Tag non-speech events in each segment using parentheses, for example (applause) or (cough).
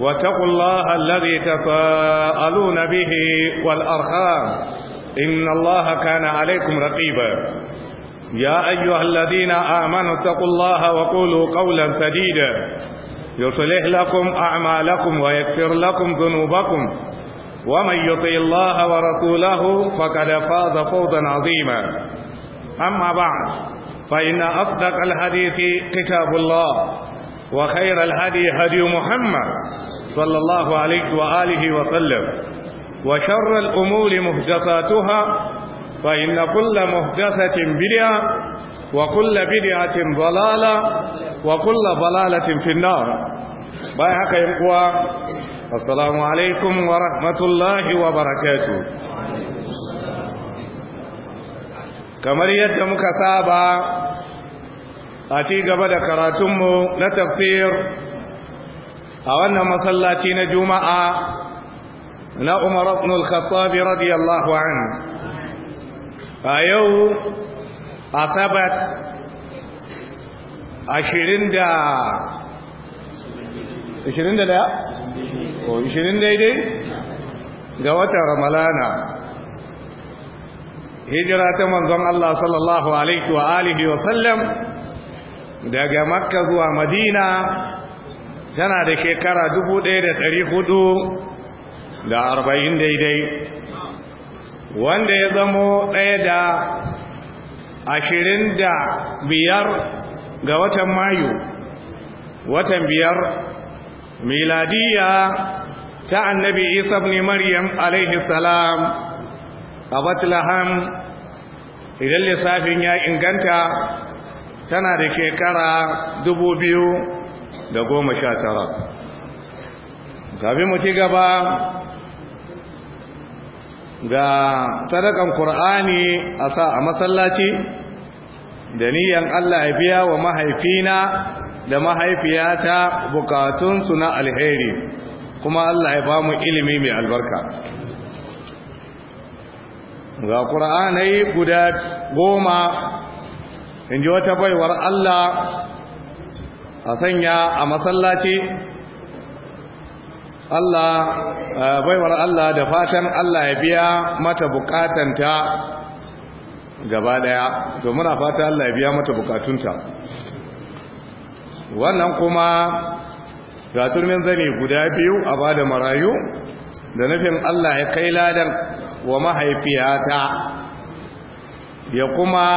واتقوا الله الذي تفاءلون به والأرحام إن الله كان عليكم رقيبا يا أيها الذين آمنوا اتقوا الله وقولوا قولا سديدا يصلح لكم أعمالكم ويكفر لكم ذنوبكم ومن يطيع الله ورسوله فقد فاز فوزا عظيما أما بعد فإن أصدق الحديث كتاب الله وخير الهدي هدي محمد صلى الله عليه وآله وسلم وشر الأمور مهدثاتها فإن كل مهدثة بدعة وكل بدعة ضلالة وكل ضلالة في النار بايحك يمقوى السلام عليكم ورحمة الله وبركاته kamar yadda muka saba a ci gaba da karatunmu na tafsir a wannan masallaci na juma'a na umar ibn al-khattab radiyallahu a yau asabat 20 da 20 da ko 20 daidai ga watan ramalana hijira ta manzon Allah sallallahu alaihi wa alihi wa sallam daga makka zuwa madina tana da shekara arba'in daidai wanda ya zamo ɗaya da ashirin da biyar ga watan mayu watan biyar miladiya ta annabi isa ne maryam alaihi salam a bethlehem idan lissafin ya inganta tana da shekara dubu biyu da goma sha tara kafin mu ci gaba ga sadakan Kur'ani a sa a masallaci da niyan Allah ya biya wa mahaifina da mahaifiyata bukatunsu na alheri kuma Allah ya ba mu ilimi mai albarka ga ƙura'anai guda goma in ji wata baiwar Allah a sanya a masallaci Allah eh, baiwar Allah da fatan Allah ya biya mata bukatanta gaba daya to muna fata Allah ya biya mata bukatunta wannan kuma ga turmin zane guda biyu a bada marayu da nufin Allah ya kai ladan wa mahaifiyata ya kuma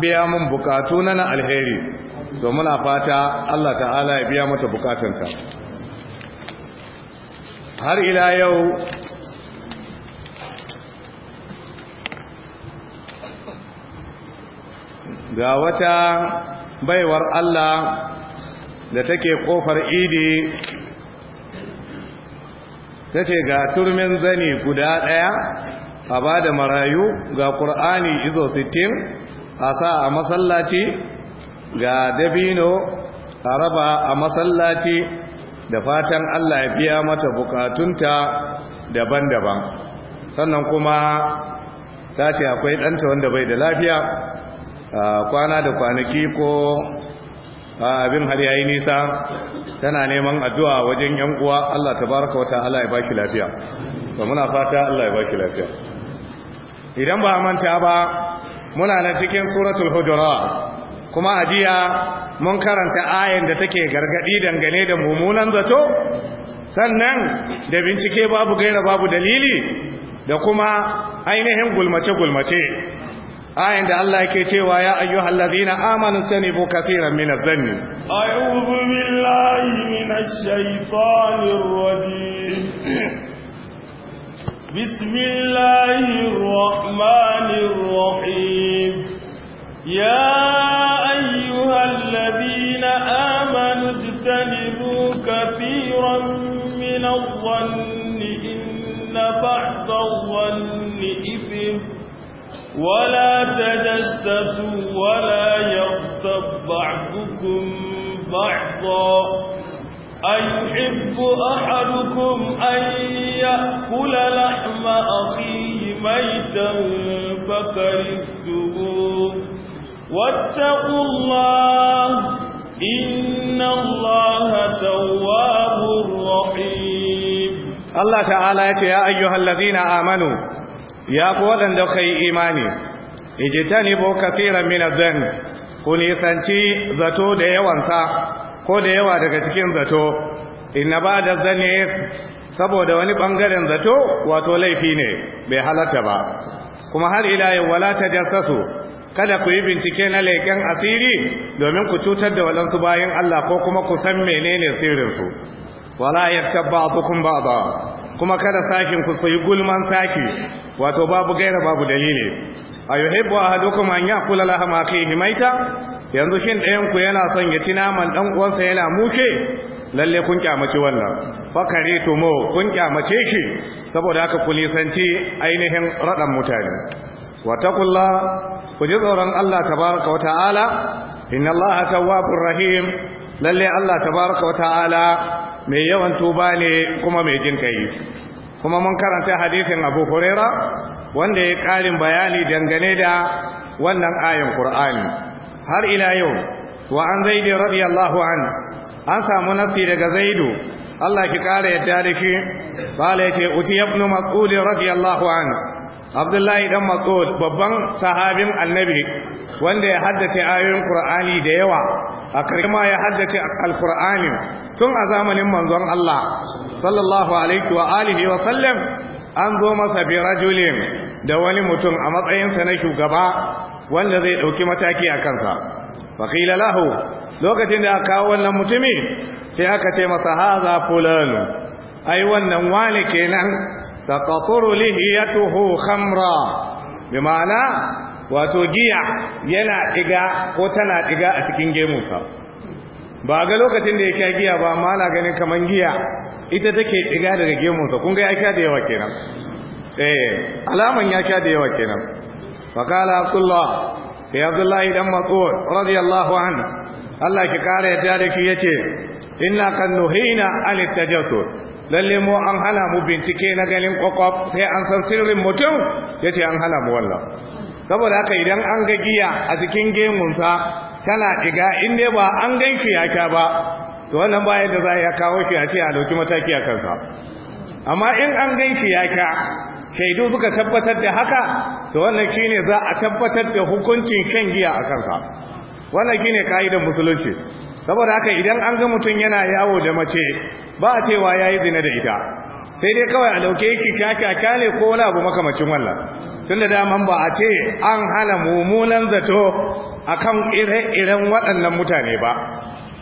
biya mun bukatu na na alheri to muna fata Allah ta'ala ya biya mata bukatunta har ila yau ga wata baiwar Allah da take kofar idi tace ga turmin zani guda ɗaya a ba da marayu ga ƙur'ani izo 60 a sa a masallaci ga dabino a raba a masallaci da fatan Allah ya biya mata bukatunta daban-daban sannan kuma ta ce akwai ɗanta wanda bai da lafiya kwana da kwanaki ko abin har yayi nisa tana neman addu'a wajen yan uwa Allah baraka wata, Allah ya ba shi lafiya ba muna fata Allah ya ba shi lafiya idan ba manta ba muna nan cikin suratul hujurat kuma hadiya mun karanta ayan da take gargadi dangane da mumunan zato sannan da bincike babu gaira babu dalili da kuma ainihin gulmace-gulmace ayan da Allah yake cewa ya ayyuhal ladina amanu tanibu kaseeran minaz zanni a'udhu billahi minash shaitanir rajim بسم الله الرحمن الرحيم يا أيها الذين آمنوا اجتنبوا كثيرا من الظن إن بعض الظن إثم ولا تجسسوا ولا يغتب بعضكم بعضا أيحب أحدكم أن يأكل لحم أخيه ميتا فكرهتموه واتقوا الله إن الله تواب رحيم الله تعالى يا أيها الذين آمنوا يا قوة دخي إيماني اجتنبوا كثيرا من الذنب كن يسنتي ذاتو ديوانسا ko da yawa daga cikin zato inna ba da zane saboda wani bangaren zato wato laifi ne bai halatta ba kuma har ila yau wala ta jassasu kada ku yi bincike na leƙen asiri domin ku cutar da waɗansu bayan Allah ko kuma ku san menene sirrinsu wala ya tabba yaktab ba ba kuma kada sakin ku sai gulman saki wato babu gaira babu dalili A haɗu ahadukum an yakula lahama yi maita yanzu shin ɗayan ku yana son ya ci naman ɗan uwansa yana mushe lalle kun kyamace wannan fakare to mo kun kyamace shi saboda haka ku nisanci ainihin raɗan mutane wataqullah ku ji tsoron Allah tabaraka wa ta'ala inna Allah tawwabur rahim lalle Allah tabaraka wa ta'ala mai yawan tuba ne kuma mai jin kai kuma mun karanta hadisin Abu Huraira wanda ya karin bayani dangane da wannan ayin Qur'ani har ila yau wa an zaidi radiyallahu an an samu nafsi daga zaidu Allah ki kare ya da shi bala yace uti ibn mas'ud radiyallahu an Abdullahi dan Mas'ud babban sahabin Annabi wanda ya haddace ayoyin Qur'ani da yawa a karkama ya haddace al tun a zamanin manzon Allah sallallahu alaihi wa alihi wa sallam an zo masa bi rajulin da wani mutum a matsayinsa na shugaba wanda zai dauki mataki a kansa faqila lahu lokacin da aka kawo wannan mutumi sai aka ce masa haza fulan ai wannan wani kenan taqaturu lihiyatuhu khamra bi ma'ana wato giya yana diga ko tana diga a cikin gemunsa ba ga lokacin da ya sha giya ba amma ana ganin kaman giya ita take diga daga gemunsa kun ga ya sha da yawa kenan eh alaman ya sha da yawa kenan فقال عبد الله abdullahi dan matsor radiyallahu an Allah ki kare yadda da ki yace inna kan nuhina an tajassur lalle mu an hana mu bincike na ganin kwakwaf sai an san sirrin mutum yace an hana mu wallah saboda haka idan an ga giya a cikin gemunsa tana diga in dai ba an ganki ya ka ba to wannan ba da za ya kawo shi a ce a dauki mataki a kansa amma in an gan shi ya sha shaidu suka tabbatar da haka to wannan shi ne za a tabbatar da hukuncin shan giya a kansa wannan ne kaidar musulunci saboda haka idan an ga mutum yana yawo da mace ba a cewa ya yi zina da ita sai dai kawai a dauke yake shaka ne ko wani abu makamacin wannan tun da daman ba a ce an hana mummunan zato akan ire-iren waɗannan mutane ba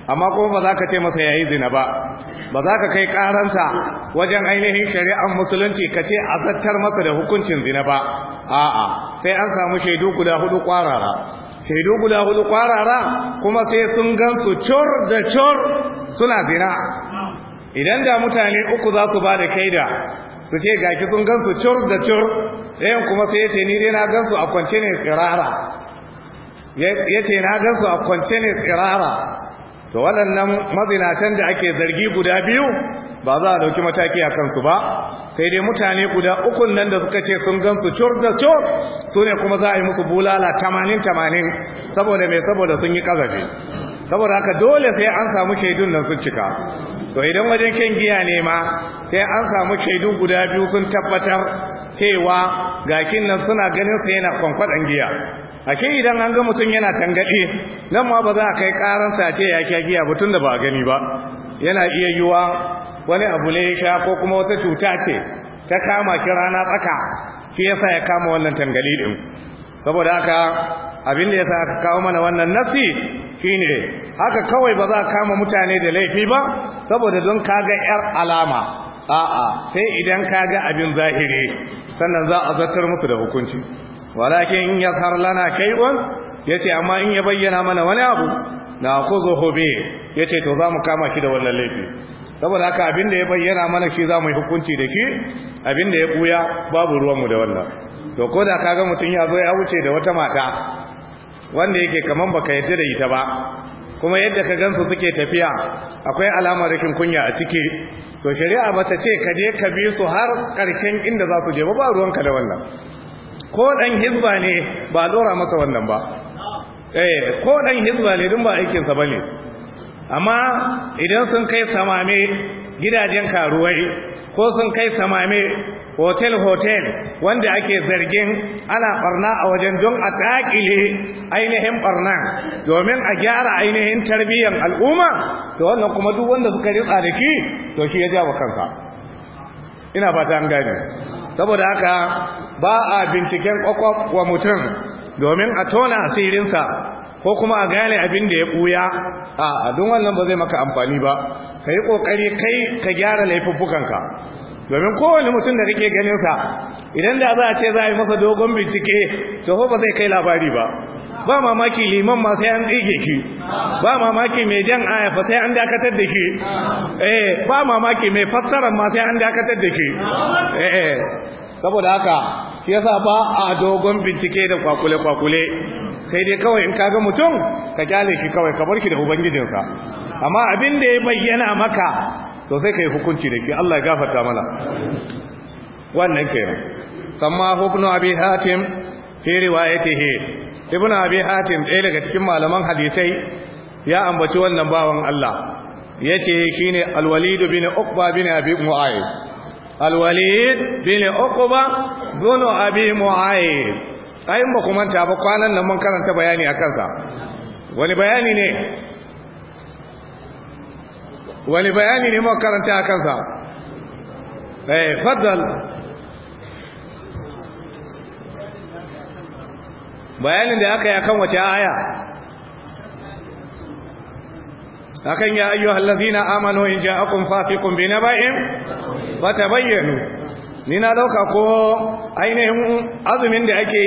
amma kuma ba za ka ce masa yayi zina ba ba za ka kai karansa wajen ainihin shari'ar musulunci ka ce a zartar masa da hukuncin zina ba a'a sai an samu shaidu guda hudu kwarara shaidu guda hudu kwarara kuma sai sun gansu cor da cor suna zina idan da mutane uku za su ba da kaida su ce gaki sun gansu cur da cur ɗayan kuma sai ya ce ni dai na gansu a kwance ne tsirara ya ce na gansu a kwance ne tsirara to waɗannan mazinatan da ake zargi guda biyu ba za a ɗauki mataki a kansu ba sai dai mutane guda ukun nan da suka ce sun gansu cur da cur su ne kuma za a yi musu bulala tamanin tamanin saboda mai saboda sun yi ƙazafi saboda haka dole sai an samu shaidun nan sun cika to idan wajen kyan giya ne ma sai an samu shaidu guda biyu sun tabbatar cewa gakin nan suna ganin sa yana kwankwadan giya A ke idan an ga mutum yana tangaɗe nan ma ba za a kai ƙaransa ce ya kya giya ba da ba a gani ba yana iya yiwuwa wani abu ne ya sha ko kuma wata cuta ce ta kama rana tsaka shi yasa ya kama wannan tangaɗe ɗin saboda haka abin da yasa aka kawo mana wannan nasi shine haka kawai ba za a kama mutane da laifi ba saboda don ka ga yar alama a'a sai idan ka ga abin zahiri sannan za a zartar musu da hukunci walakin ya lana ya yace amma in ya bayyana mana wani abu na khuzuhu bi yace to zamu kama shi da wannan laifi saboda haka abinda ya bayyana mana shi zamu yi hukunci da shi abinda ya buya babu ruwan mu da wannan to ko da kaga mutun ya zo ya wuce da wata mata wanda yake kaman baka yadda da ita ba kuma yadda ka gansu suke tafiya akwai alamar rashin kunya a ciki to shari'a bata ce ka je ka bi su har karshen inda za su je ba ba ruwanka da wannan ko dan hizba ne ba dora masa wannan ba eh, ko dan hizba ne din ba aikinsa sa bane amma idan sun kai samame gidajen karuwai ko sun kai samame hotel hotel wanda ake zargin ana barna a wajen don a takile ainihin barna domin a gyara ainihin tarbiyyar al'umma to wannan kuma duk wanda suka ritsa da ki to shi ya jawo kansa ina fata an gane saboda haka ba a binciken kwakwaf wa mutum domin a tona asirinsa ko kuma a gane abin da ya buya a don wannan ba zai maka amfani ba ka yi ƙoƙari kai ka gyara laifuffukanka domin kowane mutum da rike ganinsa idan da za a ce za a yi masa dogon bincike to ba zai kai labari ba ba mamaki liman ma sai an ɗige shi ba mamaki mai jan aya sai an dakatar da shi eh ba mamaki mai fassara ma sai an dakatar da shi eh, eh. saboda haka ya yasa ba a dogon bincike da kwakule kwakule kai dai kawai in kaga mutum ka kyale shi kawai ka bar shi da ubangijinsa amma abin da ya bayyana maka to sai yi hukunci da ke Allah ya gafata mana wannan ke samma huknu abi hatim fi riwayatihi ibina abi hatim ɗaya daga cikin malaman hadisai ya ambaci wannan bawan Allah yace shine al Alwalidu bin uqba bin abi mu'ayi alwalid bin uqba bin abi mu'ayyib Ai ba kuma ta ba kwanan nan mun karanta bayani akan sa wani bayani ne wani bayani ne mun karanta akan sa eh faddal bayanin da aka yi akan wace aya akan ya ayyuha allazina amanu in ja'akum fasiqun binaba'in fatabayyanu ni na dauka ko ainihin azumin da ake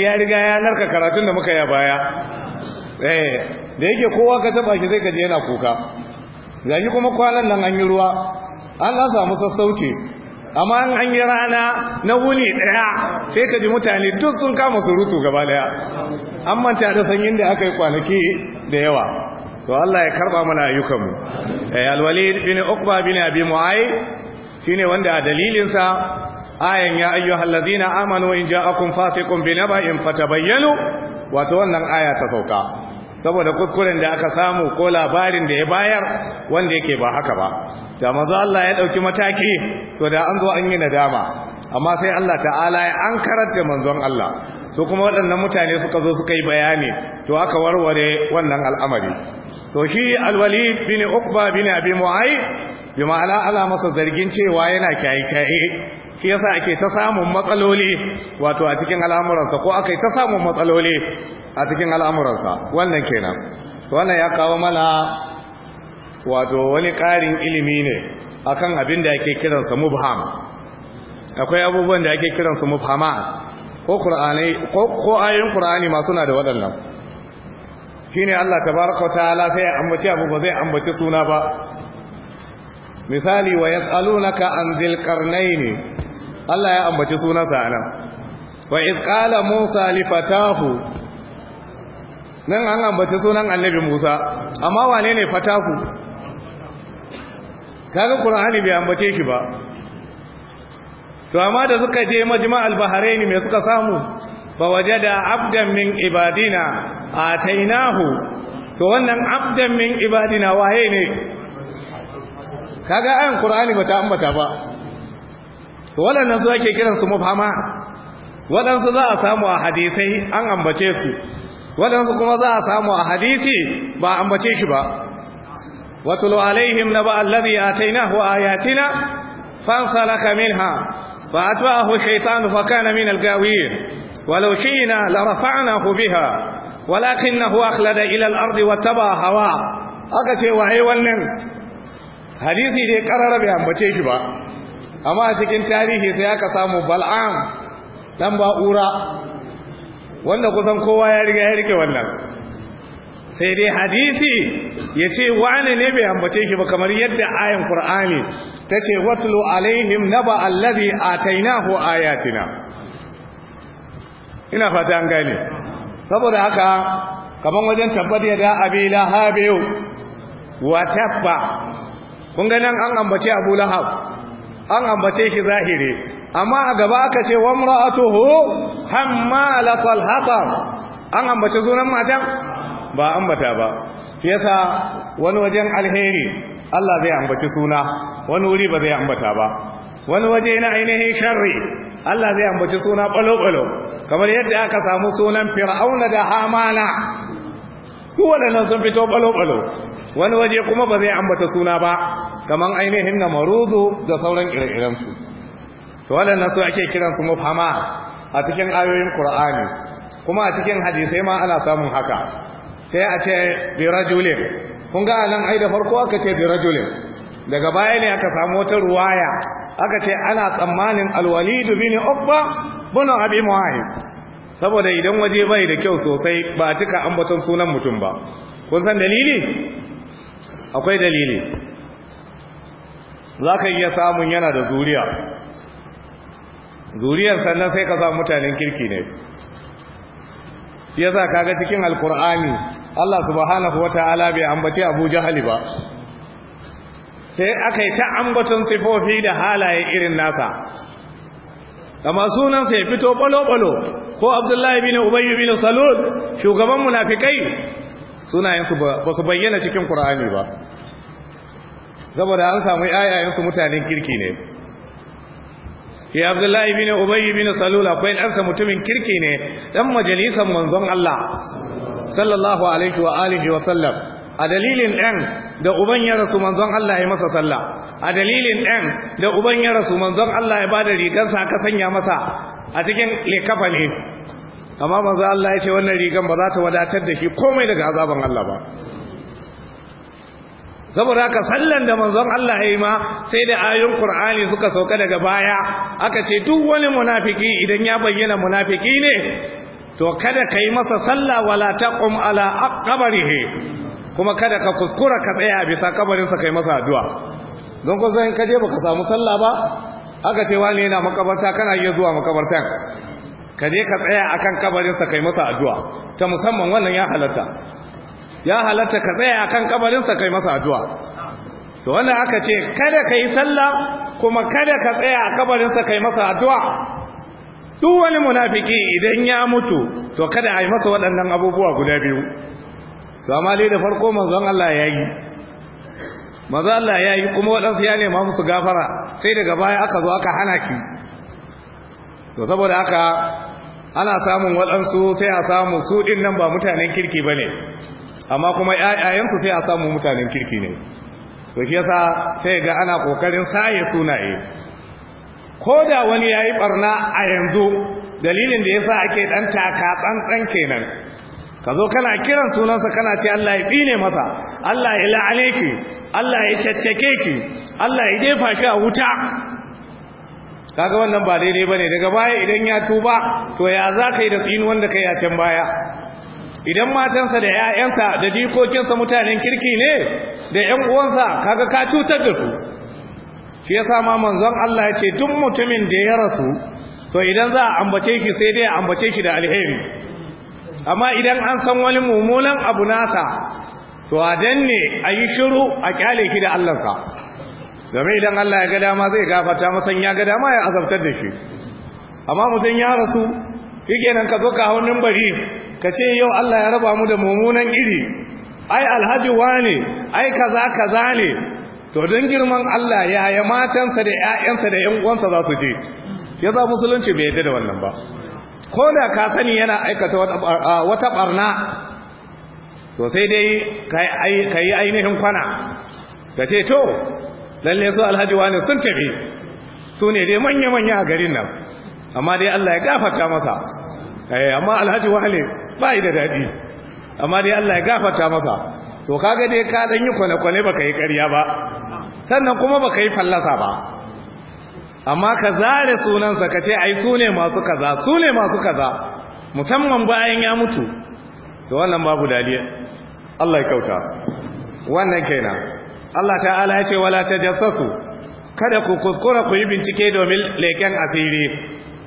ya riga ya narka karatun da muka ya baya eh da yake kowa ka taba shi zai kaje yana kuka yayi kuma kwalan nan an yi ruwa an an samu sassauci amma an an yi rana na wuni daya sai ka ji mutane duk sun kama surutu gaba daya an manta da sanyin da aka yi kwanaki da yawa to Allah ya karba mana ayyukanmu eh, alwalid bin uqba bin abi mu'ayyid shine wanda a dalilin sa ayan ya ayyuhal ladina amanu in ja'akum fasiqun binaba'in fatabayyanu wato wannan aya ta sauka saboda kuskuren da aka samu ko labarin da ya bayar wanda yake ba haka ba da manzo Allah ya dauki mataki to da an zo an yi nadama amma sai Allah ta'ala ya ankarar da manzon Allah to kuma waɗannan mutane suka zo suka yi bayani to aka warware wannan al'amari to shi alwali bin ukba bin abi muayy bi ma'ana ala masa zargin cewa yana kai kai shi yasa ake ta samun matsaloli wato a cikin al'amuransa ko akai ta samun matsaloli a cikin al'amuransa wannan kenan wannan ya kawo mana wato wani ƙarin ilimi ne akan abin da ake kiransa mubham akwai abubuwan da ake kiransa mubhama ko qur'ani ko ayoyin qur'ani ma suna da waɗannan shine Allah tabaraka ta'ala sai an ambaci abu ba zai ambaci suna ba misali wa yas'alunaka an dhil ne? Allah ya ambaci sa anan wa id qala Musa li fatahu nan an ambaci sunan Annabi Musa amma wane ne fatahu kaga Qur'ani bai ambace shi ba to amma da suka je majma'al bahrain me suka samu fawajada abdan min ibadina atainahu to wannan abdan min ibadina waye ne kaga ayan qur'ani bata ambata ba to waɗannan su ake kiran su mubhama waɗansu za a samu a hadisai an ambace su waɗansu kuma za a samu a hadisi ba ambace shi ba watulu alaihim naba alladhi atainahu ayatina fansalaka minha fa atba'ahu shaytanu fa kana min al-gawin ولو شئنا لرفعناه بها ولكنه أخلد إلى الأرض واتبع هواه أكتي وهي wannan hadisi dai karara bai ambace shi ba amma a cikin tarihi sai aka samu bal'am dan ura. wanda kusan kowa ya riga ya rike wannan sai dai hadisi ya ce wane ne bai ambace shi ba kamar yadda ayan qur'ani ta ce watlu alaihim naba allazi atainahu ayatina ina fata an gane saboda haka kaman wajen tabbata ya da abila lahab wa tabba kun ga nan an ambace abu lahab an ambace shi zahiri amma a gaba aka ce wa mra'atuhu hammalatul hatab an ambace sunan matan ba ambata ba yasa wani wajen alheri Allah zai ambaci suna wani wuri ba zai ambata ba wani waje na ainihin sharri Allah zai ambaci suna balo-balo kamar yadda aka samu sunan fir'auna da hamana kowane sun fito balo-balo wani waje kuma ba zai ambata suna ba kamar ainihin na maruzu da sauran ire-irensu to waɗannan su ake kiransu mafama a cikin ayoyin Kur'ani, kuma a cikin hadisai ma ana samun haka sai a ce birajulin kun ga nan ai da farko aka ce birajulin daga baya ne aka samu wata ruwaya aka ce ana tsammanin alwalidu bin ukba bin abi muahid saboda idan waje bai da kyau sosai ba cika ambaton sunan mutum ba kun san dalili akwai dalili zaka iya samun yana da zuriya zuriyar sannan sai ka samu mutanen kirki ne yasa kaga cikin alkur'ani Allah subhanahu wataala bai ambace Abu Jahal ba sai aka yi ta ambaton sifofi da halaye irin nasa kama sunansa ya fito balo-balo ko abdullahi bin ubayyu bin salul shugaban munafikai sunayensu ba su bayyana cikin qur'ani ba saboda an samu ayayensu mutanen kirki ne shi abdullahi bin ubayyu bin salul akwai ɗansa mutumin kirki ne dan majalisan manzon Allah sallallahu alaihi wa alihi wa sallam a dalilin ɗan da uban ya rasu manzon Allah ya masa sallah a dalilin ɗan da uban ya rasu manzon Allah ya bada rigansa aka sanya masa a cikin likafa ne amma manzon Allah ya ce wannan rigan ba za ta wadatar da shi komai daga azaban Allah ba saboda haka sallan da manzon Allah ya yi ma sai da ayoyin Qur'ani suka sauka daga baya aka ce duk wani munafiki idan ya bayyana munafiki ne to kada kai masa sallah wala taqum ala aqbarihi kuma kada ka kuskura ka tsaya bisa kabarinsa kai masa addu'a don ko zai kaje baka samu sallah ba aka ce wani yana makabarta kana iya zuwa makabartan ka je ka tsaya akan kabarinsa kai masa addu'a ta musamman wannan ya halatta ya halatta ka tsaya akan kabarinsa kai masa addu'a to wannan aka ce kada ka yi sallah kuma kada ka tsaya a kabarinsa kai masa addu'a duk wani munafiki idan ya mutu to kada a yi masa waɗannan abubuwa guda biyu to amma dai da farko manzon Allah ya yi manzon Allah ya yi kuma waɗansu ya nema musu gafara sai daga baya aka zo aka hana ki to saboda haka ana samun waɗansu sai a samu su ɗin nan ba mutanen kirki ba ne amma kuma ‘ya'yayensu sai a samu mutanen kirki ne to shi yasa sai ga ana ƙoƙarin saye sunaye ko da wani ya yi ɓarna a yanzu dalilin da ya sa ake ɗan taka tsantsan kenan ka zo kana kiran sunansa kana ce Allah ya fine masa Allah ya la'ane ki Allah ya caccake ki Allah ya jefa ki a wuta kaga wannan ba daidai bane daga baya idan ya tuba to ya za ka yi da tsini wanda kai a can baya idan matansa da 'ya'yansa da jikokinsa mutanen kirki ne da 'yan uwansa kaga ka cutar da su shi yasa ma manzon Allah ya ce duk mutumin da ya rasu to idan za a ambace shi sai dai a ambace shi da alheri amma idan an san wani mummunan abu nasa to a ne a yi shiru a kyale shi da allansa domin idan allah ya ga dama zai gafata musan ya ga dama ya azabtar da shi amma musan ya rasu yake nan ka zo ka hau bari ka ce yau allah ya raba mu da mummunan iri ai alhaji wane ai kaza kaza ne to don girman allah ya ya matansa da 'ya'yansa da yan'uwansa uwansa za su je ya za musulunci bai yadda da wannan ba ko da ka sani yana aikata wata barna to sai dai ka yi ainihin kwana ka ce to lalle su alhaji wani sun tafi su ne dai manya-manya a garin nan amma dai Allah ya gafarta masa eh, amma alhaji wani ba da daɗi amma dai Allah ya gafarta masa to kaga dai ka ɗan yi kwane-kwane baka yi ƙarya ba sannan kuma baka yi fallasa ba amma ka zare sunansa ka ce ai sune masu kaza sune masu kaza musamman bayan ya mutu to wannan babu daliya Allah ya kauta wannan kenan Allah ta'ala ya ce wala tajassasu kada ku kuskura ku yi bincike domin leken asiri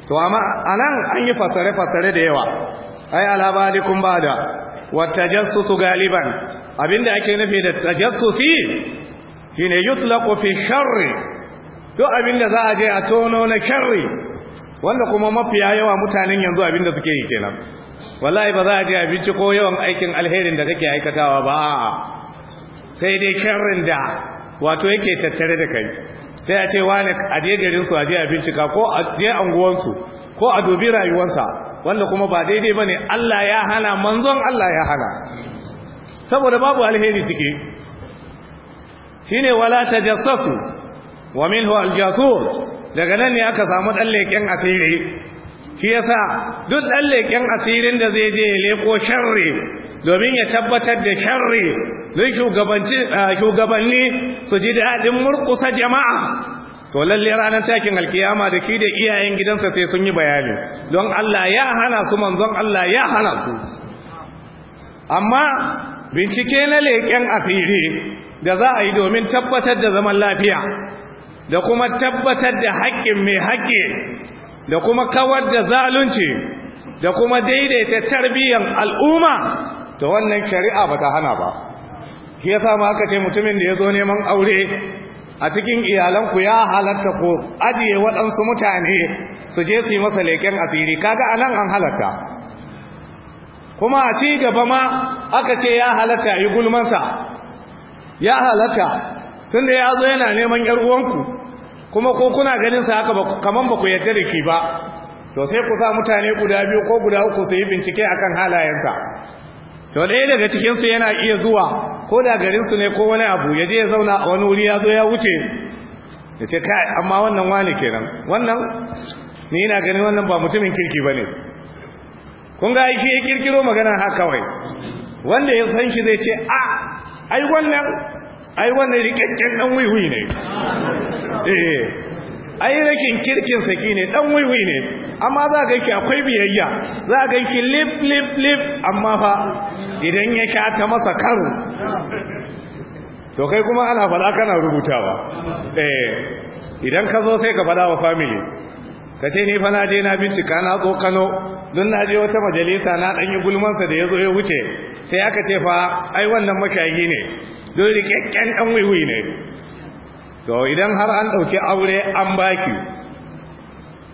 to amma anan an yi fasare fasare da yawa ai alabalikum bada wa tajassusu galiban abinda ake nufi da tajassusi shine yutlaqu fi sharri duk abinda da za a je a tono na sharri wanda kuma mafiya yawa mutanen yanzu abin da suke yi kenan wallahi ba za a je a ko yawan aikin alherin da kake aikatawa ba sai dai sharrin da wato yake tattare da kai sai a ce wani a je garin su a je a bincika ko a je su ko a dubi rayuwarsa wanda kuma ba daidai bane Allah ya hana manzon Allah ya hana saboda babu alheri ciki shine wala tajassasu wa minhu al daga nan ne aka samu dan leken asiri shi yasa duk dan leken asirin da zai je leko sharri domin ya tabbatar da sharri duk shugabanci shugabanni su ji dadin murkusa jama'a to lalle ranar takin alkiyama da shi da iyayen gidansa sai sun yi bayani don Allah ya hana su manzon Allah ya hana su amma bincike na leken asiri da za a yi domin tabbatar da zaman lafiya da kuma tabbatar da haƙƙin mai haƙƙi da kuma kawar da zalunci da kuma daidaita tarbiyyar al'umma to wannan shari'a ba ta hana ba shi yasa ma aka ce mutumin da ya zo neman aure a cikin iyalanku ya halatta ko ajiye waɗansu mutane su je su yi masa leƙen asiri kaga anan an halatta kuma a ci gaba ma aka ce ya halatta yi gulmansa ya halatta tunda ya zo yana neman 'yar uwanku kuma ko kuna ganin sa haka kaman ba ku yarda da ke ba to sai ku sa mutane guda biyu ko guda uku su yi bincike akan halayensa to ɗaya daga cikin su yana iya zuwa ko da garin su ne ko wani abu ya je ya zauna a wani wuri ya zo ya wuce ya ce kai amma wannan wani kenan wannan ni ina ganin wannan ba mutumin kirki bane kun ga shi ya kirkiro magana haka kawai wanda ya san shi zai ce a ah, ai wannan ai wannan rikakken dan wiwi ne eh ai rikin kirkin saki ne dan wiwi ne amma za ga ki akwai biyayya za ga ki lip lip lip amma fa idan ya sha ta masa karu to kai kuma ana fada kana rubutawa eh idan ka zo sai ka fada wa family ka ce ni fa na je na bincika na zo Kano don na je wata majalisa na dan yi gulmansa da ya zo ya wuce sai aka ce fa ai wannan makayi ne don rikakken ɗan wiwi ne to idan har an ɗauki aure an baki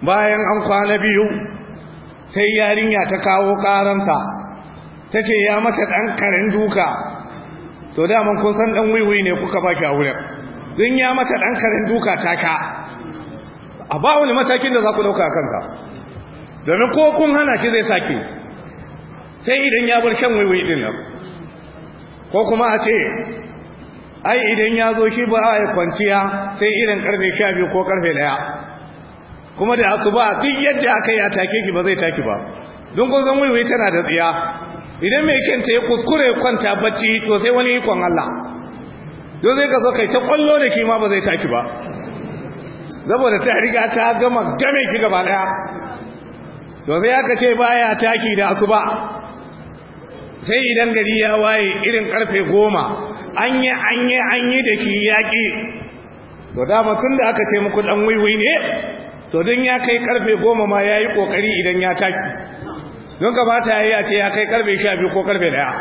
bayan an kwana biyu sai yarinya ta kawo ƙaransa ta ce ya mata ɗan karin duka to daman kun san ɗan wiwi ne kuka shi aure don ya mata ɗan karin duka ta ka a ba wani matakin da za ku ɗauka kanka kansa domin ko kun hana shi zai sake sai idan ya bar shan wiwi ɗin nan ko kuma a ce ai idan ya zo shi ba a yi kwanciya sai irin karfe sha biyu ko karfe daya kuma da asuba duk yadda aka yi a take ki ba zai taki ba don gozon tana da tsiya idan mai kenta ya kuskure kwanta bacci to sai wani ikon Allah don zai ka zo kai ta kwallo da shi ma ba zai taki ba saboda ta riga ta gama game ki gaba daya to sai aka ce baya taki da asuba sai idan gari ya waye irin karfe goma an yi an yi an yi da shi yaƙi to dama tun da aka ce muku ɗan wiwi ne to don ya kai karfe goma ma ya yi ƙoƙari idan ya taki don kamata ya yi a ce ya kai karfe sha biyu ko karfe ɗaya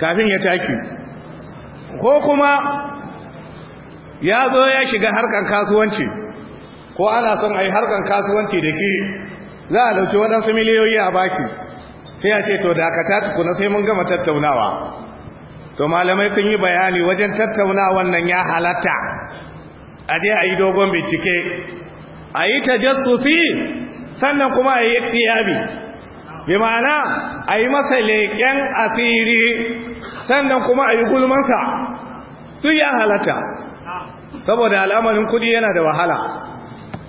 kafin ya taki ko kuma ya zo ya shiga harkar kasuwanci ko ana son a yi harkar kasuwanci da ke za a dauki waɗansu miliyoyi a baki sai a ce to da dakata kuna sai mun gama tattaunawa to malamai sun yi bayani wajen tattauna wannan ya halatta a je a yi dogon bincike a yi tajassusi sannan kuma a yi tsiyabi bi ma'ana a yi masa leƙen asiri sannan kuma a yi gulmansa sun ya halatta saboda al'amarin kudi yana da wahala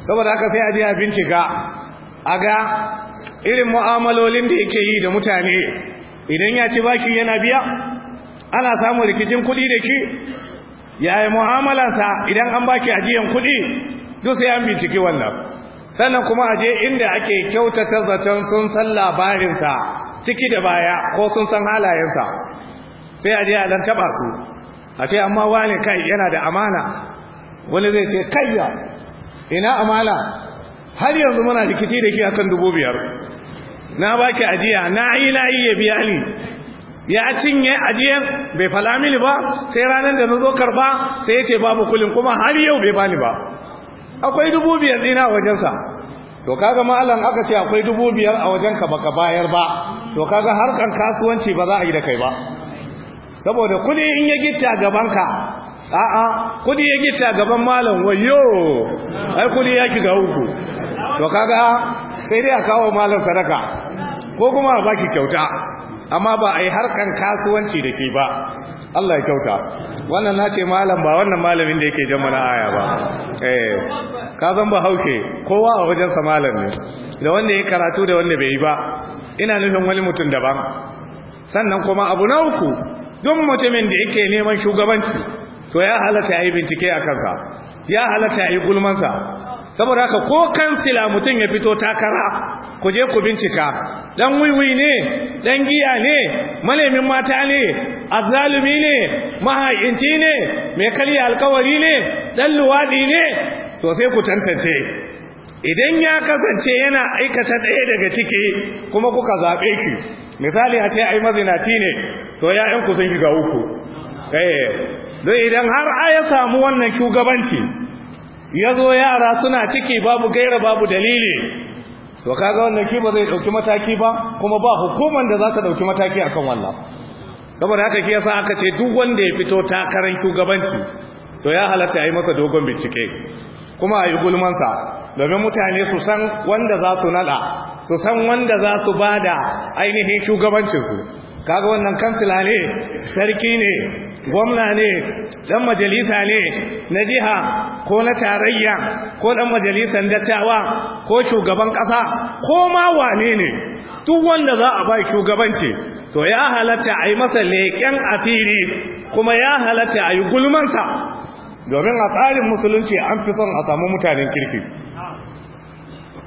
saboda aka sai a je a bincika a ga irin mu'amalolin da yake yi da mutane idan ya ci baki yana biya ana samun rikicin kuɗi da ki yaya mu'amalarsa idan an baki ajiyan kuɗi duk sai an bincike wannan sannan kuma aje inda ake kyautata zaton sun san labarinsa ciki da baya ko sun san halayensa sai aje a dan taba su a ce amma wani kai yana da amana wani zai ce kayya ina amana har yanzu muna rikici da ke akan dubu biyar na baki ajiya na yi na yi ya biya ni ya cinye ajiyar bai fala mini ba sai ranar da na zo karba sai ya ce babu kulin kuma har yau bai bani ba akwai dubu biyar dina a wajensa to kaga malam aka ce akwai dubu biyar a wajenka baka bayar ba to kaga harkan kasuwanci ba za a yi da kai ba saboda kudi in ya gitta gabanka a'a kudi ya gitta gaban malam wayo ai kudi ya shiga uku to kaga sai dai a kawo malam sadaka ko kuma a baki kyauta amma ba a yi harkan kasuwanci da ke ba Allah ya kyauta wannan na ce malam ba wannan malamin da yake jan mana aya ba eh ka zan ba hauke kowa a wajensa malam ne da wanda ya karatu da wanda bai yi ba ina nufin wani mutum daban sannan kuma abu na uku duk mutumin da yake neman shugabanci to ya halatta ya bincike a kansa ya halatta a yi gulmansa saboda haka ko kansila mutum ya fito takara ku je ku bincika dan wiwi ne dan giya ne malamin mata ne azzalumi ne mahaikinci ne mai kalli alkawari ne dan luwadi ne to sai ku tantance idan ya kasance yana aikata ɗaya daga ciki kuma kuka zaɓe shi misali a ce ai mazinaci ne to ya'yanku sun shiga uku Eh, don idan har aya samu wannan shugabanci ya zo yara suna ciki babu gaira babu dalili to kaga wannan ki ba zai dauki mataki ba kuma ba hukumar da za ta dauki mataki akan wannan saboda haka shi yasa aka ce duk wanda ya fito takarar shugabanci to ya halatta yi masa dogon bincike kuma a yi gulmansa domin mutane su san wanda za su nada su san wanda za su bada ainihin shugabancinsu kaga wannan kansila ne sarki ne gwamna ne dan majalisa ne na jiha ko na tarayya ko dan majalisan dattawa ko shugaban kasa ko ma wane ne duk wanda za a ba shugabanci to ya halatta a yi masa leƙen asiri kuma ya halatta a yi gulmansa domin a tsarin musulunci an fi son a samu mutanen kirki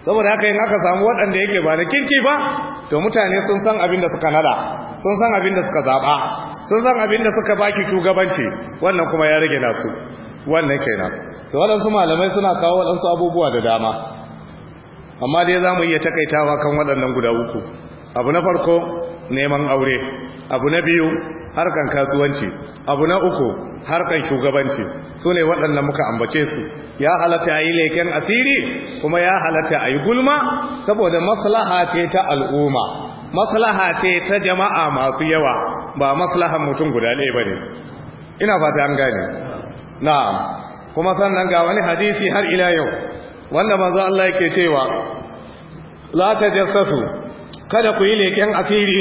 saboda haka yin aka samu waɗanda yake ba da kirki ba to mutane sun san abin da suka nada sun san abin da suka zaɓa sun san abin da suka baki shugabanci wannan kuma ya rage nasu wannan kenan to waɗansu malamai suna kawo waɗansu abubuwa da dama amma dai za mu iya takaitawa kan waɗannan guda uku abu na farko neman aure abu na biyu harkan kasuwanci abu na uku harkan shugabanci su ne waɗannan muka ambace su ya halatta a yi leken asiri kuma ya halatta a yi gulma saboda maslaha ce ta al'umma maslaha ce ta jama'a masu yawa ba maslahan mutum guda ɗaya ba ne ina fata an gane na kuma sannan ga wani hadisi har ila yau wanda manzo Allah yake cewa la jassasu, kada ku yi leken asiri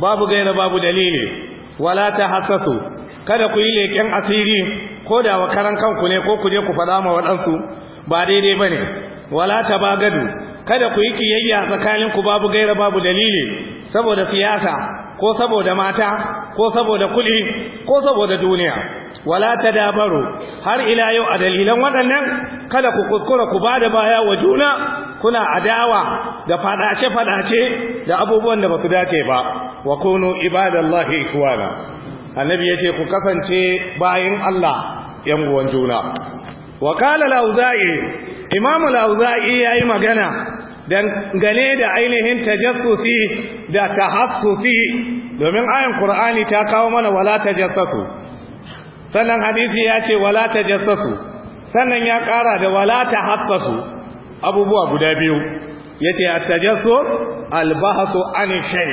babu gaira babu dalili wala ta hassasu, kada ku yi leken asiri ko da wa karan kanku ne ko ku je ku fada ma waɗansu ba daidai bane wala ta gado. kada ku yi kiyayya tsakanin ku babu gaira babu dalili saboda siyasa ko saboda mata ko saboda kuli ko saboda duniya wala ta tadabaru har ila yau a dalilan waɗannan kada ku kuskura ku ba da baya wa juna kuna adawa da faɗace-faɗace da abubuwan da basu dace ba wa kunu ibadallahi ikhwana annabi ce ku kasance bayin Allah yan uwan juna wa qala al-auza'i imam al-auza'i yayi magana dangane da ainihin tajassusi da tahassusi domin ayan qur'ani ta kawo mana wala tajassasu sannan hadisi ya ce wala tajassasu sannan ya ƙara da wala tahassasu abubuwa guda biyu yace at-tajassu al-bahsu an shay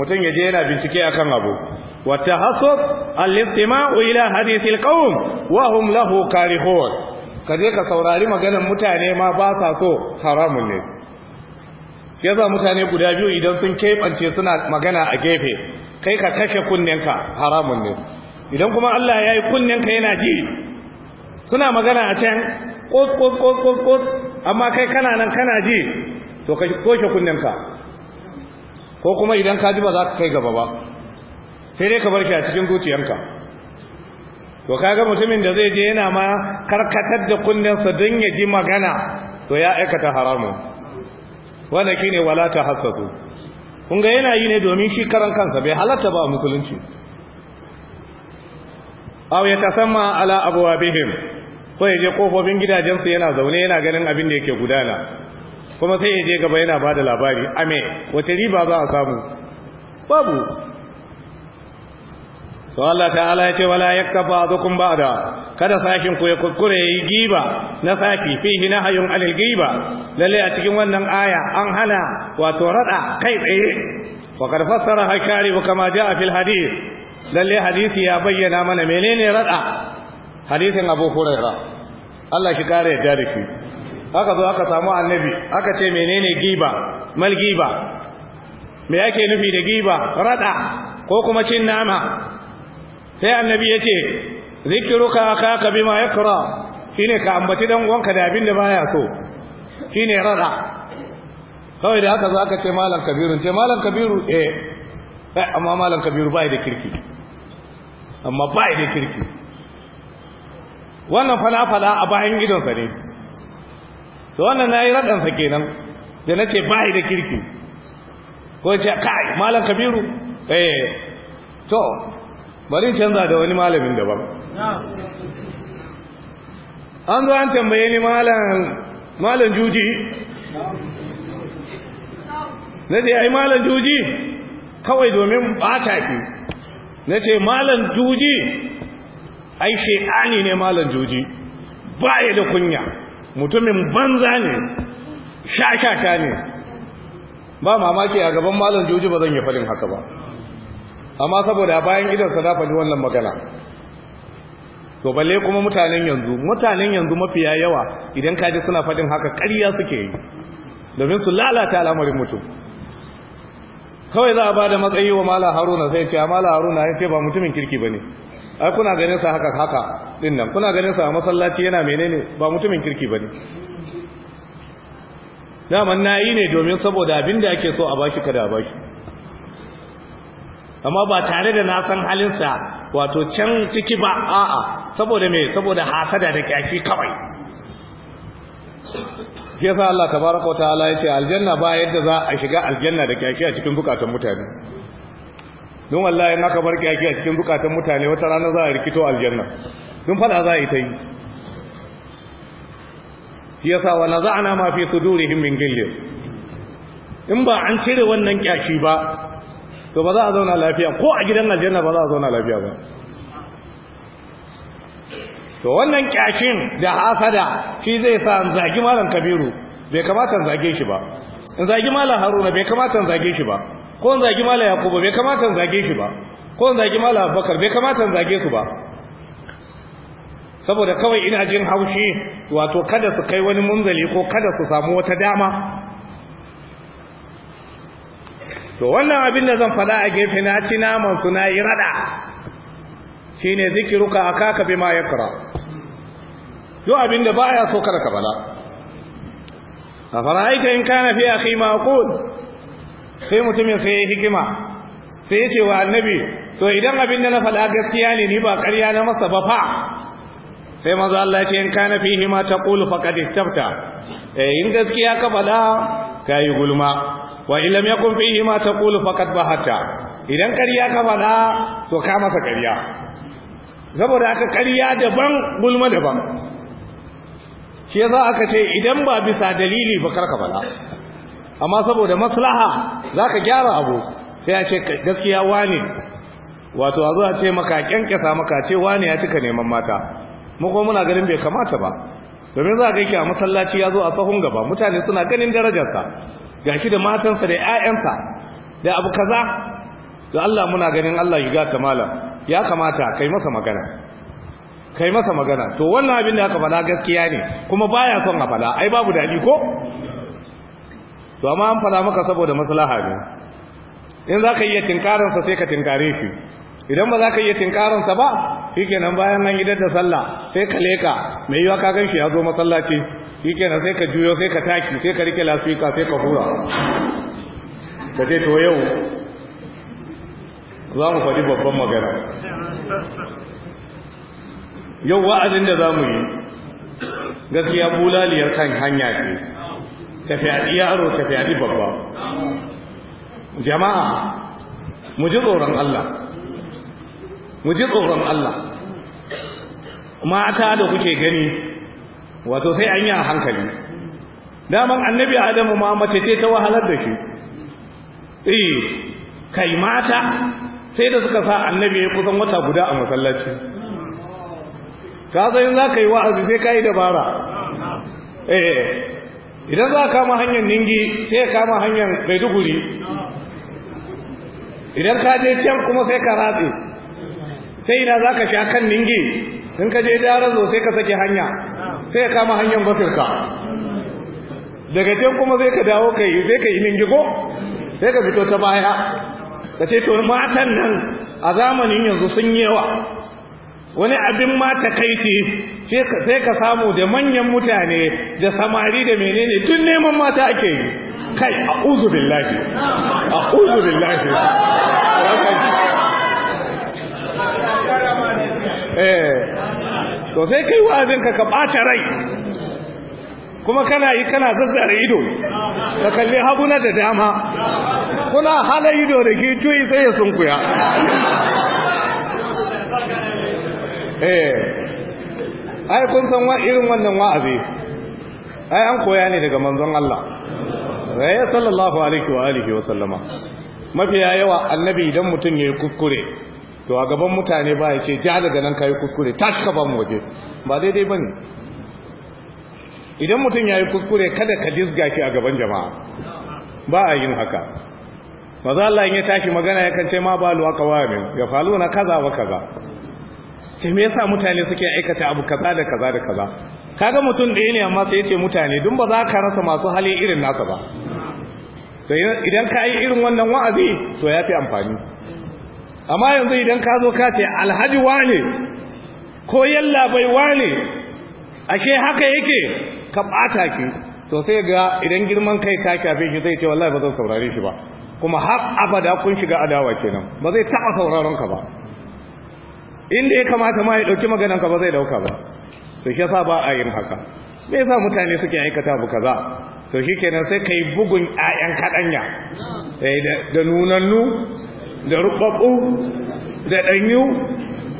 mutun yaje yana bincike akan abu wa tahassus al-istima'u ila hadithil qawm wa hum lahu karihun ka je ka saurari maganan mutane ma ba sa so haramun ne sai za mutane guda biyu idan sun keɓance suna magana a gefe kai ka kashe ka haramun ne idan kuma Allah ya yi ka yana ji suna magana a can ƙos ƙos ƙos amma kai kana nan kana ji to ka kunnen kunnenka ko kuma idan ka ji ba za ka kai gaba ba sai dai ka bar shi a cikin zuciyarka. to kaga mutumin da zai je yana ma karkatar da kunnensa don ya ji magana to ya aikata haramun wanda shine wala ta hassasu kun ga yana yi ne domin shi karan kansa bai halatta ba musulunci aw ya tasamma ala abwabihim ko ya je kofofin gidajensu yana zaune yana ganin abin da yake gudana kuma sai ya je gaba yana bada labari ame wace riba za a samu babu to Allah ta'ala ya ce wala yakfa azukum ba'da kada sakin ku ya kuskure yi giba na saki fihi nahyun alil giba lalle a cikin wannan aya an hana wato rada kai tsaye wa qad fassara hakari kama jaa fil hadith lalle hadisi ya bayyana mana menene rada hadisin Abu Hurairah Allah shi kare ya da shi aka zo aka samu annabi aka ce menene giba mal giba me yake nufi da giba rada ko kuma cin nama sai annabi ya ce zikiruka akaka bima yakra shine ka ambaci dan uwanka da abin da baya so shine rada kawai da haka za ka ce malam kabiru ce malam kabiru eh, eh amma malam kabiru bai da kirki amma bai da kirki wannan fala-fala a bayan gidansa ne to wannan na yi raɗansa kenan da na ce bai da kirki ko ce kai malam kabiru eh to bari canza da wani malamin daban an zo an tambaye ni malam juji na ce ai malam juji kawai domin bata ki na ce malam juji ai shekani ne malam juji baya da kunya mutumin banza ne shashaka ne ba mamaki a gaban malam juji ba zan yi faɗin haka ba amma saboda bayan idansa na faɗi wannan magana to balle kuma mutanen yanzu mutanen yanzu mafiya yawa idan ka ji suna faɗin haka ƙarya suke yi domin su lalata al'amarin mutum kawai za a ba da matsayi wa mala haruna sai ce mala haruna ya ce ba mutumin kirki ba ne ai kuna ganin sa haka haka dinnan, nan kuna ganin sa a masallaci yana menene ba mutumin kirki ba ne daman na yi ne domin saboda abin da ake so a baki kada a baki amma ba tare da na san halinsa wato can ciki ba a'a saboda me saboda hasada da kyafi kawai sa Allah tabaraka ya ce aljanna ba yadda za a shiga aljanna da kyafi a cikin bukatun mutane don wallahi in aka bar kyafi a cikin bukatun mutane wata rana za a rikito aljanna don fada za a yi ta yi yasa wa naza'na ma fi sudurihim min gillin in ba an cire wannan kyafi ba to ba za a zauna lafiya ko a gidan aljanna ba za a zauna lafiya ba to wannan kyakin da hasada shi zai sa in zagi malam kabiru bai kamata in zage shi ba in zagi malam haruna bai kamata in zage shi ba ko in zagi malam yakubu bai kamata in zage shi ba ko in zagi malam abubakar bai kamata in zage su ba saboda kawai ina jin haushi wato kada su kai wani munzali ko kada su samu wata dama to wannan abin da zan faɗa a gefe na ci naman su na yi rada shine zikiruka ma ya kura yau abin da baya so kada ka bala a aika in kana fi akhi sai mutumin sai hikima sai ce wa annabi to idan abin da na faɗa gaskiya ne ni ba karya na masa ba fa sai manzo Allah ya ce in kana fihi ma taqulu faqad istabta eh in gaskiya ka faɗa kai gulma wa illam yakun fihi ma taqulu faqad bahata idan ƙarya ka faɗa to ka masa ƙarya saboda aka ƙarya daban gulma daban shi yasa aka ce idan ba bisa dalili ba karka faɗa amma saboda maslaha zaka gyara abu sai a ce gaskiya wani wato a zo a ce maka kyankyasa maka ce wani ya cika neman mata mu kuma muna ganin bai kamata ba domin za a gaike a masallaci ya zo a sahun gaba mutane suna ganin darajarsa gashi da matansa da ƴaƴansa da abu kaza da Allah muna ganin Allah yiga malam. ya kamata kai masa magana kai masa magana to wannan abin da aka faɗa gaskiya ne kuma baya son a faɗa ai babu daɗi ko to amma an fada maka saboda maslaha ne in za ka iya tinkarinsa sai ka tinkare shi idan ba za ka iya tinkarinsa ba shi kenan bayan an gidan da sallah sai ka leka mai yiwa ka ganshi ya zo masallaci shi kenan sai ka juyo sai ka taki sai ka rike lasfika sai ka hura ka ce to yau za mu faɗi babban magana yau wa'azin da za mu yi gaskiya bulaliyar kan hanya ce tafiyaɗi yaro tafiyaɗi babba jama'a mu ji tsoron Allah mu ji tsoron Allah mata da kuke gani wato sai an yi a hankali daman annabi adamu ma mace ce ta wahalar da shi eh kai mata sai da suka sa annabi ya kusan wata guda a masallaci ka zai za ka yi wa'azi sai ka yi dabara eh idan za ka kama hanyar ningi sai kama hanyar maiduguri idan ka je can kuma sai ka ratse sai ina za ka sha kan ningi in ka je daren zo sai ka sake hanya sai ya kama hanyar bafirka daga can kuma zai ka dawo kai zai ka yi gigo sai ka fito ta baya ka ce to matan nan a zamanin yanzu sun yawa wani abin ma takaiti sai ka samu da manyan mutane da samari da menene tun neman mata ake yi kai a uzu billahi a uzu billahi (laughs) eh to sai kai wa'azinka ka ka ɓata rai kuma kana yi kana zazzare ido da kalli haguna da dama kuna hala ido da ke cuyi sai ya sunkuya eh. ai kun san irin wannan wa'azi ai an koya ne daga manzon Allah sai eh, sallallahu alaihi wa alihi wa sallama mafiya yawa annabi idan mutum ya yi kuskure to a gaban mutane ba ya ce ja daga nan kayi kuskure tashi ka ba mu waje ba daidai ba ne idan mutum ya yi kuskure kada ka disga shi a gaban jama'a ba a yin haka za Allah ya tashi magana ya kance ma ba luwa kawamin ya falu na kaza wa kaza ce me yasa mutane suke aikata abu kaza da kaza da kaza kaga mutum ɗaya ne amma sai ya ce mutane dun ba za ka rasa masu hali irin nasa ba sai idan ka yi irin wannan wa'azi to ya fi amfani amma yanzu idan ka zo ka alhaji wane ko yalla bai wane ake haka yake ka ɓata ki to sai ga idan girman kai ka kafe shi zai ce wallahi ba zan saurare shi ba kuma har abada kun shiga adawa kenan ba zai taɓa sauraron ka ba inda ya kamata ma ya ɗauki maganan ka ba zai ɗauka ba to shi yasa ba a yin haka me yasa mutane suke aikata bu kaza to shikenan kenan sai ka yi bugun 'ya'yan kaɗanya eh, da nunannu da rubabbu da ɗanyu,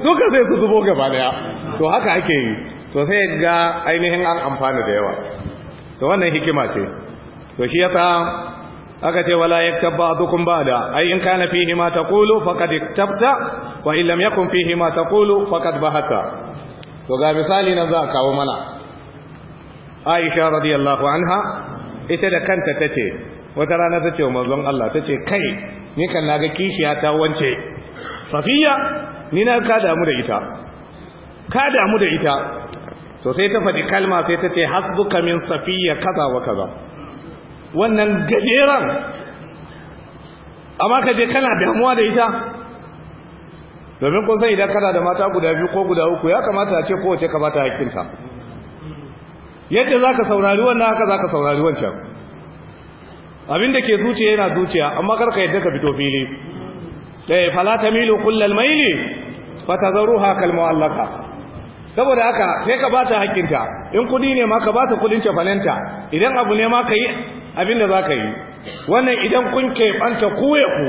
duka sai su zubo gaba daya to haka ake yi to sai ga ainihin an amfana da yawa to wannan hikima ce to shi yasa aka ce wala yaktab ba'dukum ba'da Ai in kana fihi ma taqulu faqad iktabta wa in lam yakun fihi ma taqulu faqad bahata to ga misali na za kawo mana Aisha radiyallahu anha ita da kanta tace wata rana tace wa manzon Allah tace kai ni kan na ga kishiya ta wance safiya ni na ka damu da ita ka damu da ita to sai ta faɗi kalma sai ta ce hasbuka min safiya kaza wa kaza wannan gajeran amma ka je kana damuwa da ita domin kun san idan kana da mata guda biyu ko guda uku ya kamata a ce kowace ka bata hakkinta yadda za ka saurari wannan haka za ka saurari wancan Abinda ke zuciya yana zuciya amma karka yadda ka fito fili eh fala tamilu kullal maili fatazruha kal mu'allaka saboda haka sai ka bata hakkinta in kudi ne ma ka bata kudin falanta idan abu ne ma ka yi za ka yi wannan idan kun ke kuwe ku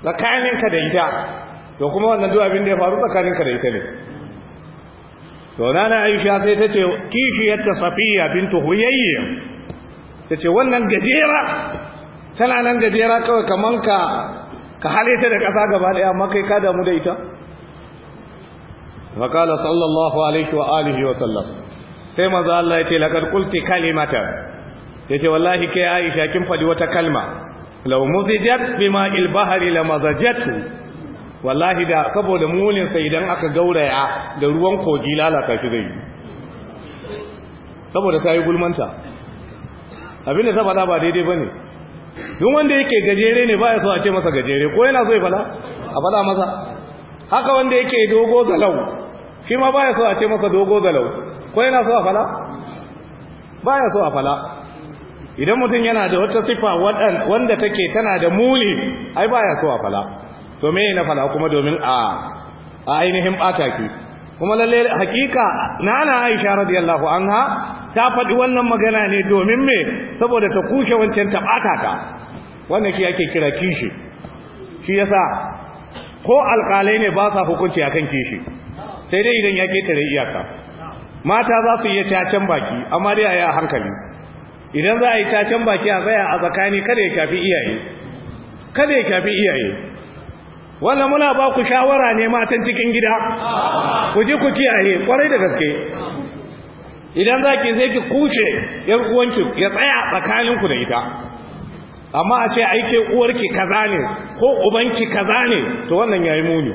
tsakaninka da ita to kuma wannan duk abinda ya faru ka da ita ne to nana aisha sai ta ce kishiyarta safiya bintu huyayya ta ce wannan gajera tana nan gajera kawai kaman ka ka halita da ƙasa gaba ɗaya amma kai ka damu da ita faƙala sallallahu alaihi wa alihi wa sallam sai maza Allah ya ce laƙar kulti kalimata ya ce wallahi kai aisha kin faɗi wata kalma lau muzijat bima ilbahari la mazajatu wallahi da saboda mulinsa idan aka gauraya da ruwan kogi lalata shi zai saboda ta yi gulmanta abin da ta fada ba daidai ba ne duk wanda yake gajere ne ba ya so a ce masa gajere ko yana so ya fada a fada masa haka wanda yake dogo zalau shi ma ba ya so a ce masa dogo lau. ko yana so a fada ba ya so a fada idan mutum yana da wata sifa wanda take tana da muli ai ba ya so a fada to me na faɗa kuma domin a ainihin ɓata ki kuma lalle hakika nana Aisha radiyallahu anha ta faɗi wannan magana ne domin me saboda ta kushe wancan tabata ka wannan shi ake kira kishi shi yasa ko alƙalai ne ba sa hukunci akan kishi sai dai idan ya ketare iyaka mata za su iya cacen baki amma dai a yi a hankali idan za a yi cacen baki a tsaya a tsakani kada ya kafi iyaye kada ya kafi iyaye wannan muna ba ku shawara ne matan cikin gida ku ji ku kiyaye kwarai da gaske idan za ki sai ki kushe yar uwanki ya tsaya tsakanin ku da ita amma a ce aike uwarki kaza ne ko ubanki kaza ne to wannan yayi muni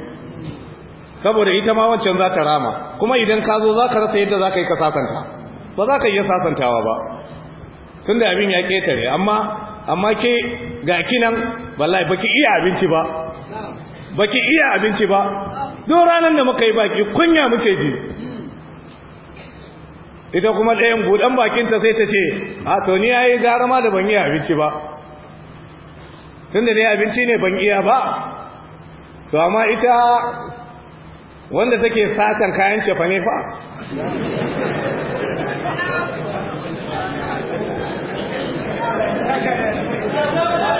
saboda ita ma wancan za ta rama kuma idan ka zo za ka rasa yadda za ka yi ka sasanta ba za ka iya sasantawa ba tun da abin ya ketare amma amma ke ga kinan wallahi baki iya abinci ba baki iya abinci ba don ranar da muka yi baki kunya muke ji ita kuma ɗayan buɗan bakin ta sai ta ce a toni ya yi gara ma da ban iya abinci ba Tun da ne abinci ne ban iya ba to amma ita wanda take satan kayan cefa ne fa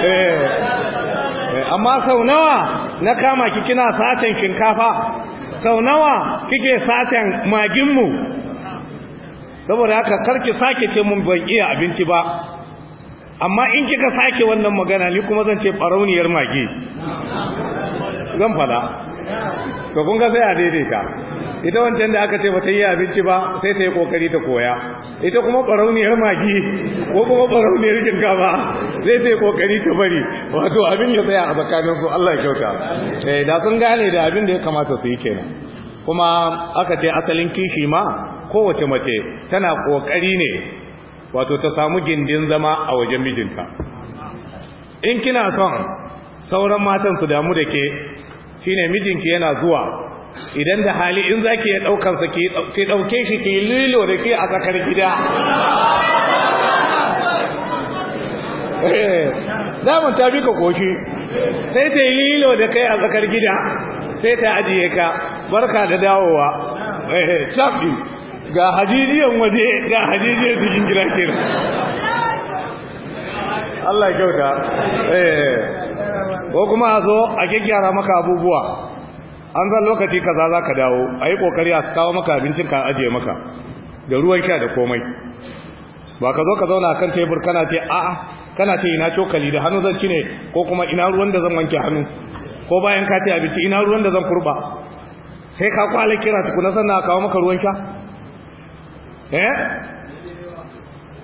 eh, eh, amma sau nawa na kama ki kina satan shinkafa sau nawa kike satan maginmu saboda haka karki sake ce mun ban iya abinci ba amma in kika sake wannan magana ni kuma zan ce barauniyar magi zan fada to kun ga sai a daidaita ita wancan da aka ce ba ta yi abinci ba sai ta yi kokari ta koya ita kuma barauniyar magi ko kuma barauniyar ba, zai ta yi kokari ta bari wato abin ya tsaya a tsakanin su Allah ya kyauta eh da sun gane da abin da ya kamata su yi kenan kuma aka ce asalin kishi ma kowace mace tana kokari ne wato ta samu gindin zama a wajen mijinta in kina son sauran matan su damu da ke shine mijinki yana zuwa idan da hali in za ki ɗaukarsa ke ɗauke shi ke lilo da ke a tsakar gida eh, mu ta bi ka koshi sai ta yi lilo da kai a tsakar gida sai ta ajiye ka barka da dawowa tafi eh, ga hajijiyan waje ga hajijiyan cikin gida ke Allah ya kyauta eh, ko kuma a zo a kyakkyara maka abubuwa an zan lokaci kaza za ka dawo a yi ƙoƙari a kawo maka abincin ka ajiye maka da ruwan sha da komai ba ka zo ka zauna kan tebur kana ce a'a kana ce ina cokali da hannu zan ci ne ko kuma ina ruwan da zan wanke hannu ko bayan ka ce abinci ina ruwan da zan kurba sai ka kwale kira kuna sannan a kawo maka ruwan sha eh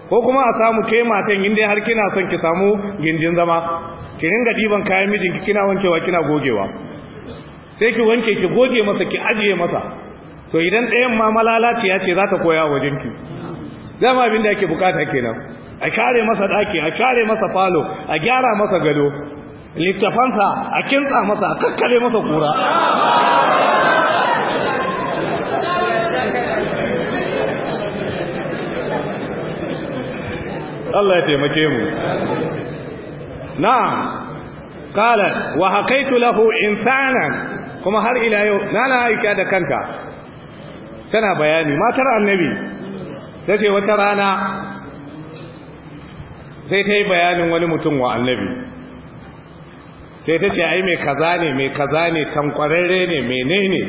ko kuma a samu ke matan inda har kina son ki samu gindin zama ki ringa diban kayan mijinki kina wankewa kina gogewa sai ki wanke ki goge masa ki ajiye masa to idan ɗayan ma ya ce za ta koya wajen ki dama abin da bukata kenan a share masa ɗaki a share masa falo a gyara masa gado littafansa a kintsa masa a kakkale masa kura Allah ya taimake mu na'am wa وحكيت له إنسانا kuma har ila yau nana aika da kanka tana bayani matar annabi sai ce wata rana sai ta yi bayanin wani mutum wa annabi sai ta ce ai mai kaza ne mai kaza ne tankwararre ne menene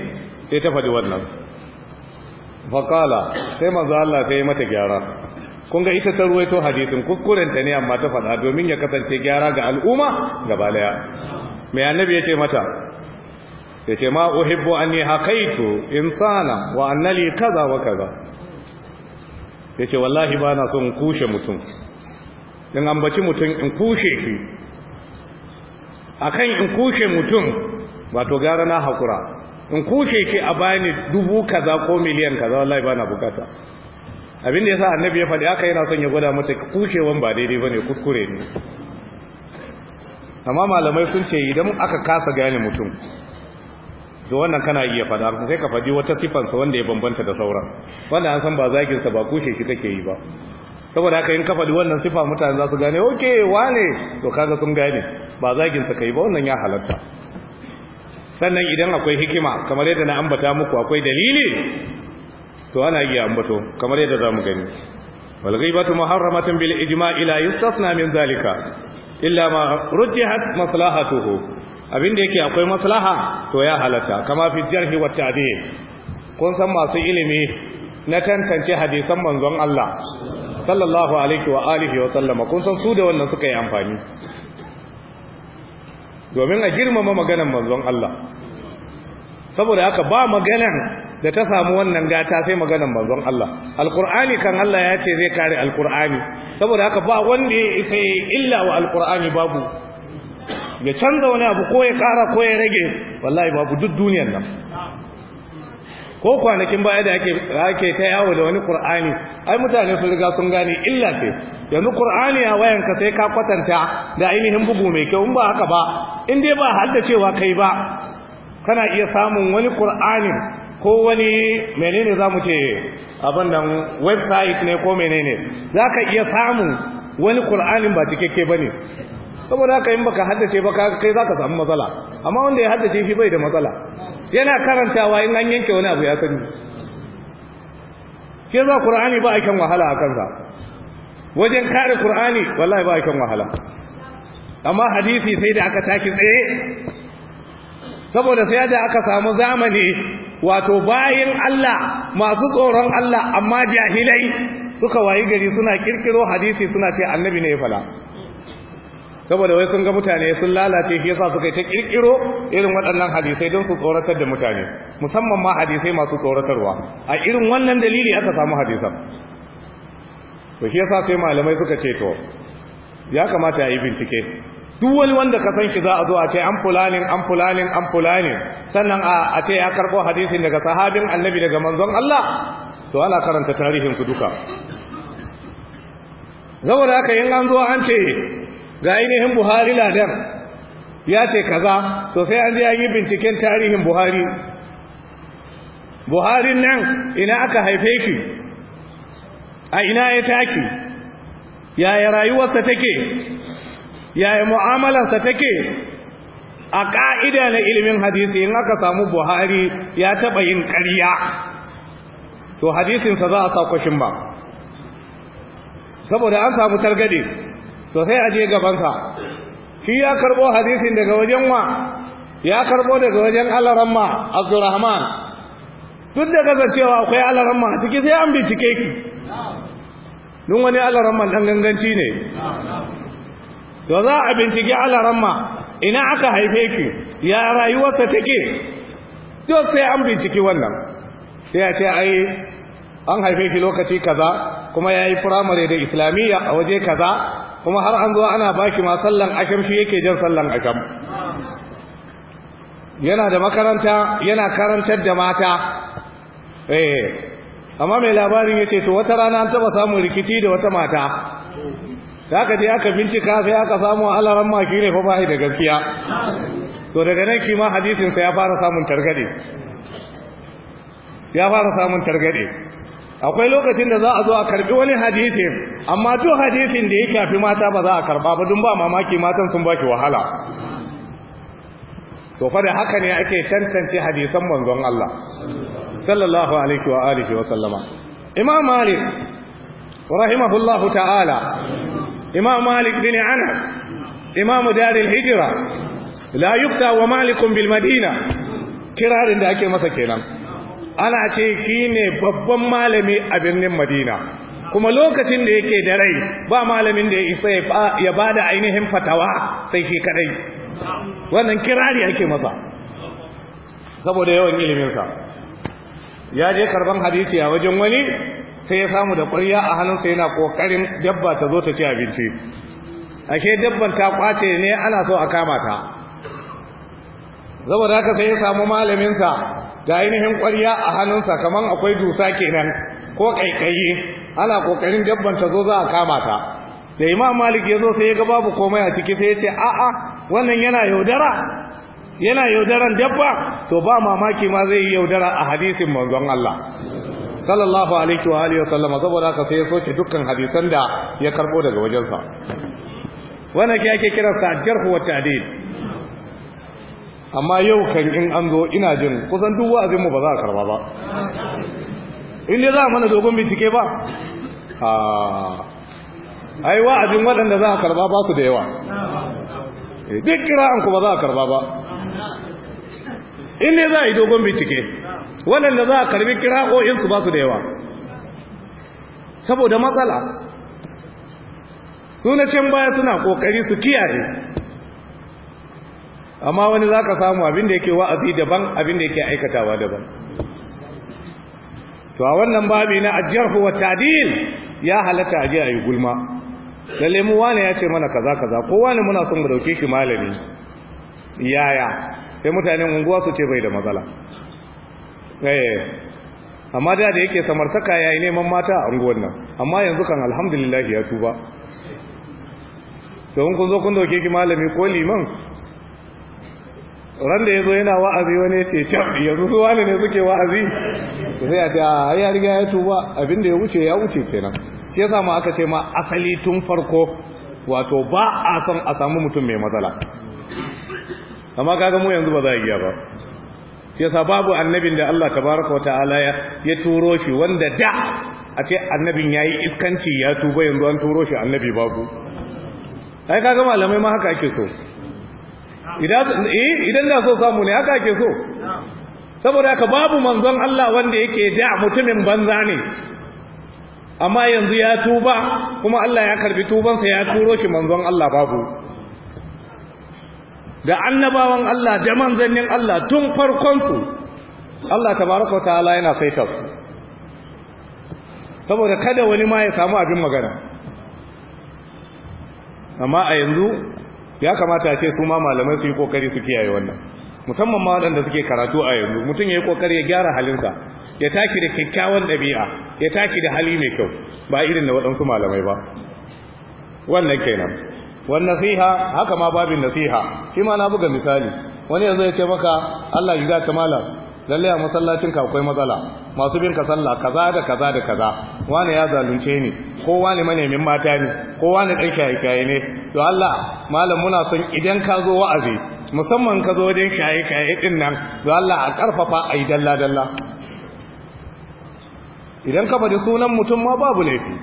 sai ta faɗi wannan faƙala sai manzo Allah ta yi mata gyara kun ga ita ta ruwaito hadisin kuskurenta ne amma ta faɗa domin ya kasance gyara ga al'umma gaba daya mai annabi ya ce mata ya ce ma uhibbu an yi haƙaitu insana wa annali kaza wa kaza ya ce wallahi ba na son kushe mutum in ambaci mutum in kushe shi akan in kushe mutum wato gara na haƙura in kushe shi a bani dubu kaza ko miliyan kaza wallahi ba na bukata abin da ya sa annabi ya faɗi aka yana son ya gwada mata kushewan ba daidai ba ne kuskure ne amma malamai sun ce idan aka kasa gane mutum to wannan kana iya fada sai ka fadi wata sifansa wanda ya bambanta da sauran wanda an san ba zaginsa ba kushe shi kake yi ba saboda haka in ka fadi wannan sifa mutane za su gane oke wane to kaga sun gane ba zaginsa kai ba wannan ya halarta sannan idan akwai hikima kamar yadda na ambata muku akwai dalili to ana iya ambato kamar yadda za mu gani wal ghibatu muharramatun bil ijma' ila yustasna min zalika illa ma rujjihat maslahatuhu abin da yake akwai maslaha to ya halatta kama fi jarhi wa ta'dil kun san masu ilimi na tantance hadisan manzon Allah sallallahu alaihi wa alihi wa sallama kun san su da wannan suka yi amfani domin a girmama maganar manzon Allah saboda haka ba maganar da ta samu wannan gata sai maganar manzon Allah alqur'ani kan Allah ya ce zai kare alqur'ani saboda haka ba wanda ya isa illa wa alqur'ani babu ya canza wani abu ko ya kara ko ya rage wallahi babu duk duniyar nan ko kwanakin baya da ake ta yawo da wani Kur'ani, ai mutane sun riga sun gane illa ce yanzu ƙur'ani a wayanka sai ka kwatanta da ainihin bugu mai kyau in ba haka ba in dai ba cewa kai ba kana iya samun wani ƙur'anin ko wani menene za mu ce abin nan website ne ko menene za ka iya samun wani kur'anin ba cikakke ba ne saboda haka in baka haddace ba kai za ka samu matsala amma wanda ya haddace shi bai da matsala yana karantawa in an yanke wani abu ya sani ke za qur'ani ba a kan wahala a kansa wajen kare qur'ani wallahi ba a kan wahala amma hadisi sai da aka taki tsaye saboda sai da aka samu zamani wato bayan Allah masu tsoron Allah amma jahilai suka wayi gari suna kirkiro hadisi suna ce annabi ne ya fala saboda wai sun ga mutane sun lalace shi yasa suka yi ta kirkiro irin waɗannan hadisai don su tsoratar da mutane musamman ma hadisai masu tsoratarwa a irin wannan dalili aka samu hadisan to shi yasa sai malamai suka ce to ya kamata a yi bincike duk wani wanda ka san shi za a zo a ce an fulanin an fulanin an fulanin sannan a ce ya karɓo hadisin daga sahabin annabi daga manzon Allah to ana karanta tarihin su duka saboda haka yin an zo an ce ga ainihin buhari ladar ya ce kaza sosai an je an yi binciken tarihin buhari buhari nan ina aka haife shi a ina ya taki yaya rayuwarsa take yaya mu'amalarsa take a ƙa'ida na ilimin hadisi in aka samu buhari ya taɓa yin ƙarya to hadisinsa za a sa kwashin ba saboda an samu targade to sai a je gabansa shi ya karbo hadisin daga wajen wa ya karbo daga wajen alaramma abdurrahman duk da kaga cewa akwai alaramma a ciki sai an bincike ki duk wani alaramma dan ganganci ne to za a bincike alaramma ina aka haife ki ya rayuwarsa take duk sai an bincike wannan Sai a ce ai an haife ki lokaci kaza kuma ya yi firamare da islamiyya a waje kaza kuma har an zo ana shi ma sallan asham shi yake jan sallan asham yana da makaranta yana karantar da mata eh amma mai labarin yace to wata rana an taba samun rikici da wata mata haka dai aka bincika sai aka samu alaran shi ne fa bai da gaskiya to daga nan kima hadisin sa ya fara samun targade ya fara samun targade akwai lokacin da za a zo a karbi wani hadisi amma duk hadisin da ya kafi mata ba za a karba ba dun ba mamaki matan sun baki wahala to fa da haka ne ake tantance hadisan manzon Allah sallallahu alaihi wa alihi wa sallama imam malik rahimahullahu ta'ala imam malik bin anas imam dar al-hijra la yukta wa malik bil madina kirarin da ake masa kenan ana ce shi ne babban malami a birnin madina kuma lokacin da yake da rai ba malamin da ya isa ya ba da ainihin fatawa sai shi kadai wannan kirari ake masa saboda yawan iliminsa ya je karban hadisi a wajen wani sai ya samu da ƙwarya a hannunsa yana ƙoƙarin dabba ta zo ta ci abinci ashe dabban ta kwace ne ana so a kama ta saboda haka sai ya samu malaminsa ga ainihin ƙwarya a hannunsa kamar akwai dusa kenan ko ƙaiƙayi ana ƙoƙarin dabban ta zo za a kama ta da imam malik ya zo sai ya ga babu komai a ciki sai ya ce a'a wannan yana yaudara yana yaudaran dabba to ba mamaki ma zai yi yaudara a hadisin manzon Allah sallallahu alaihi wa alihi wa sallama saboda haka sai ya soke dukkan hadisan da ya karbo daga wajensa wannan ke ake kiransa jarhu wa ta'dil amma yau kan in an zo ina jin kusan duk wa'azinmu ba za a karba ba in dai za a mana dogon bincike ba ai wa'azin waɗanda za a karba ba su da yawa eh, duk kira'an ku ba za a karba ba in dai za a yi dogon bincike waɗanda za a karbi su ba su da yawa saboda matsala suna can baya suna ƙoƙari su kiyaye amma wani za ka samu abinda yake wa'azi daban abinda yake aikatawa daban to a wannan babi na ajiyar wa tadil ya halatta a jiya yi gulma lalle mu ne ya ce mana kaza kaza Kowa ne muna son mu dauke shi malami yaya sai mutanen unguwa su ce bai da matsala eh. amma da da yake samartaka yi neman mata a unguwar nan amma yanzu kan alhamdulillah ya tuba to kun zo kun dauke shi malami ko liman Randa ya zo yana wa'azi wani ya ce can yanzu su wani ne suke wa'azi sai a ce a ah, ya riga ya tuba abin ya wuce ya wuce kenan shi ya samu aka ce ma asali tun farko wato ba a son a samu mutum mai matsala amma kaga mu yanzu ba za a iya ba shi babu annabin da Allah tabaraka wata'ala ya ya turo shi wanda da a ce annabin ya yi iskanci ya tuba yanzu an turo shi annabi babu ai kaga malamai ma haka ake so Eh, idan da so samu ne haka ke so saboda haka babu manzon Allah wanda yake da mutumin banza ne amma yanzu ya tuba kuma Allah ya karbi tubansa ya turo shi manzon Allah babu da annabawan Allah da manzannin Allah tun farkon su Allah tabaraka ta'ala yana saita su saboda kada wani ma ya samu abin magana amma a yanzu ya kamata a ce su ma malamai su yi kokari su kiyaye wannan musamman ma waɗanda suke karatu a yanzu mutum ya yi kokari ya gyara halinsa ya taki da kyakkyawan ɗabi'a ya taki da hali mai kyau ba irin da waɗansu malamai ba wannan kenan wannan nasiha haka ma babin nasiha shi ma na buga misali wani yanzu ya ce maka Allah ya ka malam. lalle a masallacin ka akwai matsala masu bin ka sallah kaza da kaza da kaza wani ya zalunce ni ko wani manemin mata ne ko wani dan shaye-shaye ne to Allah malam muna son idan ka zo wa'azi musamman ka zo wajen shaye-shaye din nan to Allah a karfafa yi dalla dalla idan ka faɗi sunan mutum ma babu laifi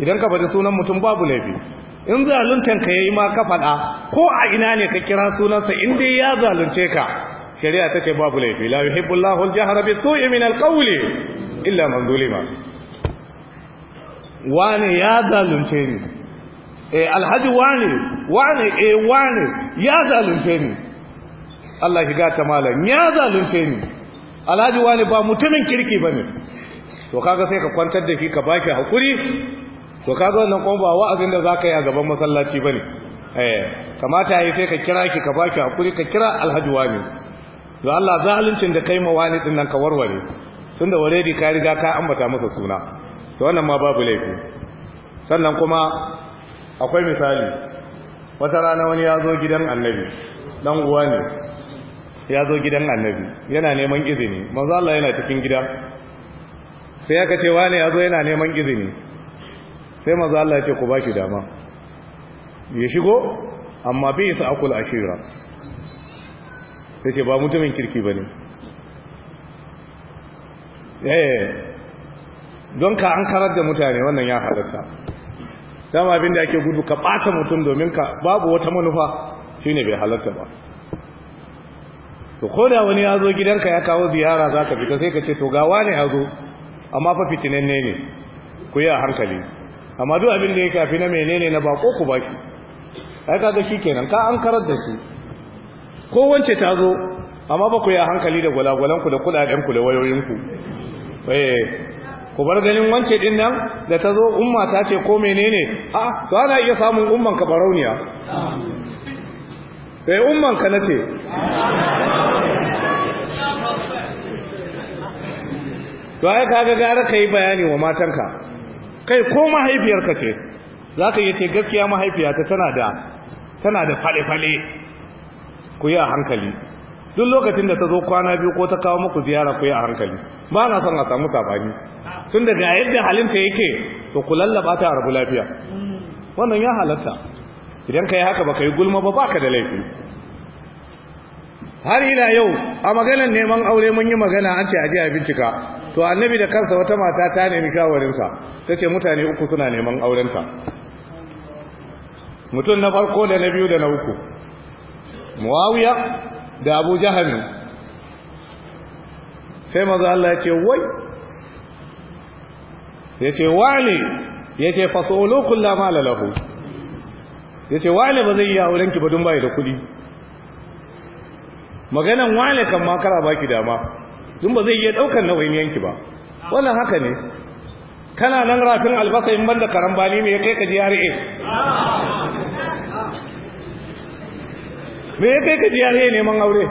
idan ka faɗi sunan mutum babu laifi in zaluntan ka yayi ma ka faɗa ko a ina ne ka kira sunansa in dai ya zalunce ka shari'a ta ce babu laifi la yuhibbu Allahu al-jahra bi su'i min al-qawli illa man zulima wani ya zalunce ni eh alhaji wani wani eh wani ya zalunce ni Allah ki gata malam ya zalunce ni alhaji wani ba mutumin kirki bane to kaga sai ka kwantar da shi ka baki hakuri to kaga wannan kuma ba wa'azin da zaka yi a gaban masallaci bane eh kamata yayi sai ka kira ki ka baki hakuri ka kira alhaji wani to Allah zaluncin da kai mawani din nan ka warware tunda already ka riga ka ambata masa suna to wannan ma babu laifi sannan kuma akwai misali wata rana wani ya zo gidan annabi dan uwa ne ya gidan annabi yana neman izini manzo Allah yana cikin gida sai aka ce wani yazo yana neman izini sai manzo Allah ya ce ku ba shi dama ya shigo amma bai sa akul ashira sai ce ba mutumin kirki ba ne eh, don ka an karar da mutane wannan ya halatta dama abin da ake gudu ka ɓata mutum domin ka babu wata manufa shi ne bai halatta ba to ko da wani ya zo gidanka ya kawo ziyara za ka fita sai ka ce to gawa ne ya zo amma fa fitinanne ne ku yi a hankali amma duk abin da ya kafi na menene na bako ku baki ai kaga shi kenan ka an karar da su. ko wance ta zo amma ba ku yi hankali da gwalagwalanku da kudadenku da wayoyinku eh, ku bar ganin wance din nan da ta zo umma ta ce ko menene a to ana iya samun umman ka barauniya eh umman ka nace to ai kaga gara kai bayani wa matanka kai ko mahaifiyarka ce Za ka yi ce gaskiya mahaifiyata tana da tana da fale fale ku yi a hankali duk lokacin da ta zo kwana biyu ko ta kawo muku ziyara ku yi a hankali ba na son a samu sabani tun daga yadda halinta yake to ku lallaba ta a lafiya wannan ya halatta idan ka yi haka baka yi gulma ba baka da laifi har ila yau a maganar neman aure mun yi magana an ce ajiya bincika to annabi da kansa wata mata ta nemi shawarinsa ta ce mutane uku suna neman aurenta mutum na farko da na biyu da na uku muawiya da abu jahannu sai maza Allah ya ce wai ya ce wale ya ce fasolo kulla mala lalahu. ya ce wale ba zai yi aurenki ba don bayi da kudi maganan wale kan makara baki dama don ba zai iya daukan yanki ba wannan haka ne kana nan rafin albasa in banda karambani ne ya kai ka GRA me ya kai ka jiyare neman aure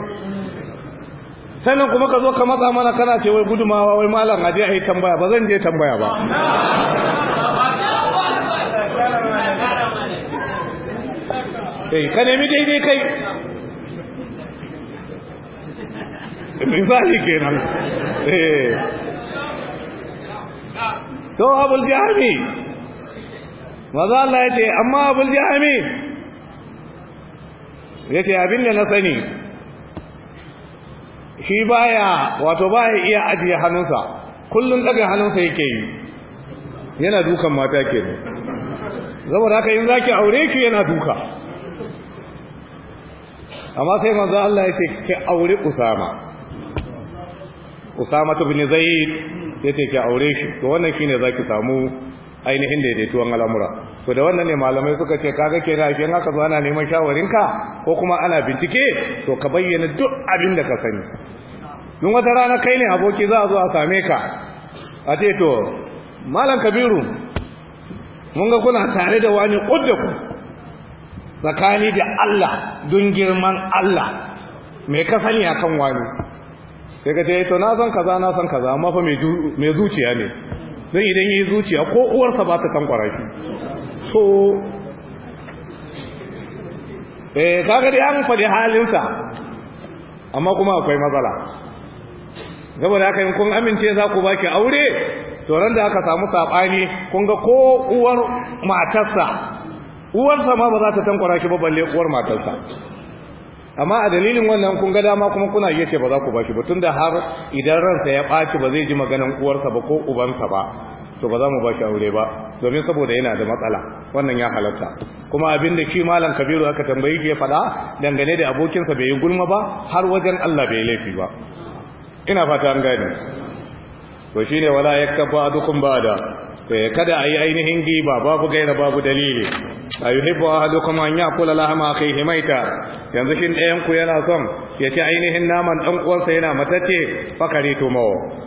sannan kuma ka zo ka matsa mana kana ce wai gudumawa wai malam aje a yi tambaya ba zan je tambaya ba eh, ka nemi daidai kai misali kenan eh. to abul jahami maza Allah ya ce amma abul jahami ya ce abin da na sani shi baya wato baya iya ajiye hannunsa kullum daga hannunsa yake yi yana dukan mata ke ne da haka yin zaki aure shi yana duka amma sai manzo Allah yake ki aure Usama Usama ta ibn Zaid ce ki aure shi to wannan shine zaki samu ainihin daidaituwan al'amura to da wannan ne malamai suka ce kaga kenan ake aka zuwa ana neman shawarinka ko kuma ana bincike to ka bayyana duk abin da ka sani don wata rana kai ne aboki za a zo a same ka a ce to malam kabiru mun ga kuna tare da wani ƙudda ku tsakani da Allah don girman Allah mai ka sani akan wani sai ka ce eh, to na san kaza na san kaza amma fa mai zuciya ne don idan ya yi zuciya ko uwarsa ba ta kan so eh kagari an faɗi halinsa amma kuma akwai matsala da haka in kun amince za ku ba baki aure to da aka samu sabani kun ga ko uwar matarsa uwarsa ma ba za ta tankwara shi ba balle uwar matarsa amma a dalilin wannan kun ga dama kuma kuna iya ce ba za ku bashi ba da har idan ransa ya ɓaci ba zai ji maganan uwarsa ba ko ubansa ba to ba za mu bashi aure ba domin saboda yana da matsala wannan ya halatta kuma abinda shi malam kabiru aka tambayi ke faɗa dangane da abokinsa bai yi gulma ba har wajen Allah bai laifi ba ina fata an gani to shine wala yakka ba dukun bada kada kada ayi ainihin giba babu gaira babu dalili a yuhibbu ahadukum an ya'kula lahama akhihi himaita, yanzu shin ɗayan ku yana son ya ci ainihin naman ɗan uwansa yana matace fakari tumo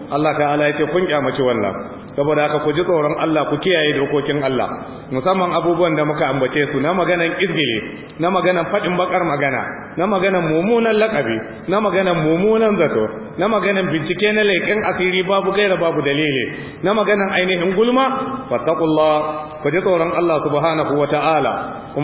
Allah ta'ala ya ce kun kyamaci wannan saboda haka ku ji tsoron Allah ku kiyaye dokokin Allah musamman abubuwan da muka ambace su na maganan izgili na maganan faɗin bakar magana na maganan mummunan lakabi na maganan mummunan zato na maganan bincike na leƙen asiri babu gaira babu dalili na maganan ainihin gulma fattaqullah ku ji tsoron Allah subhanahu wa ta'ala ta'ala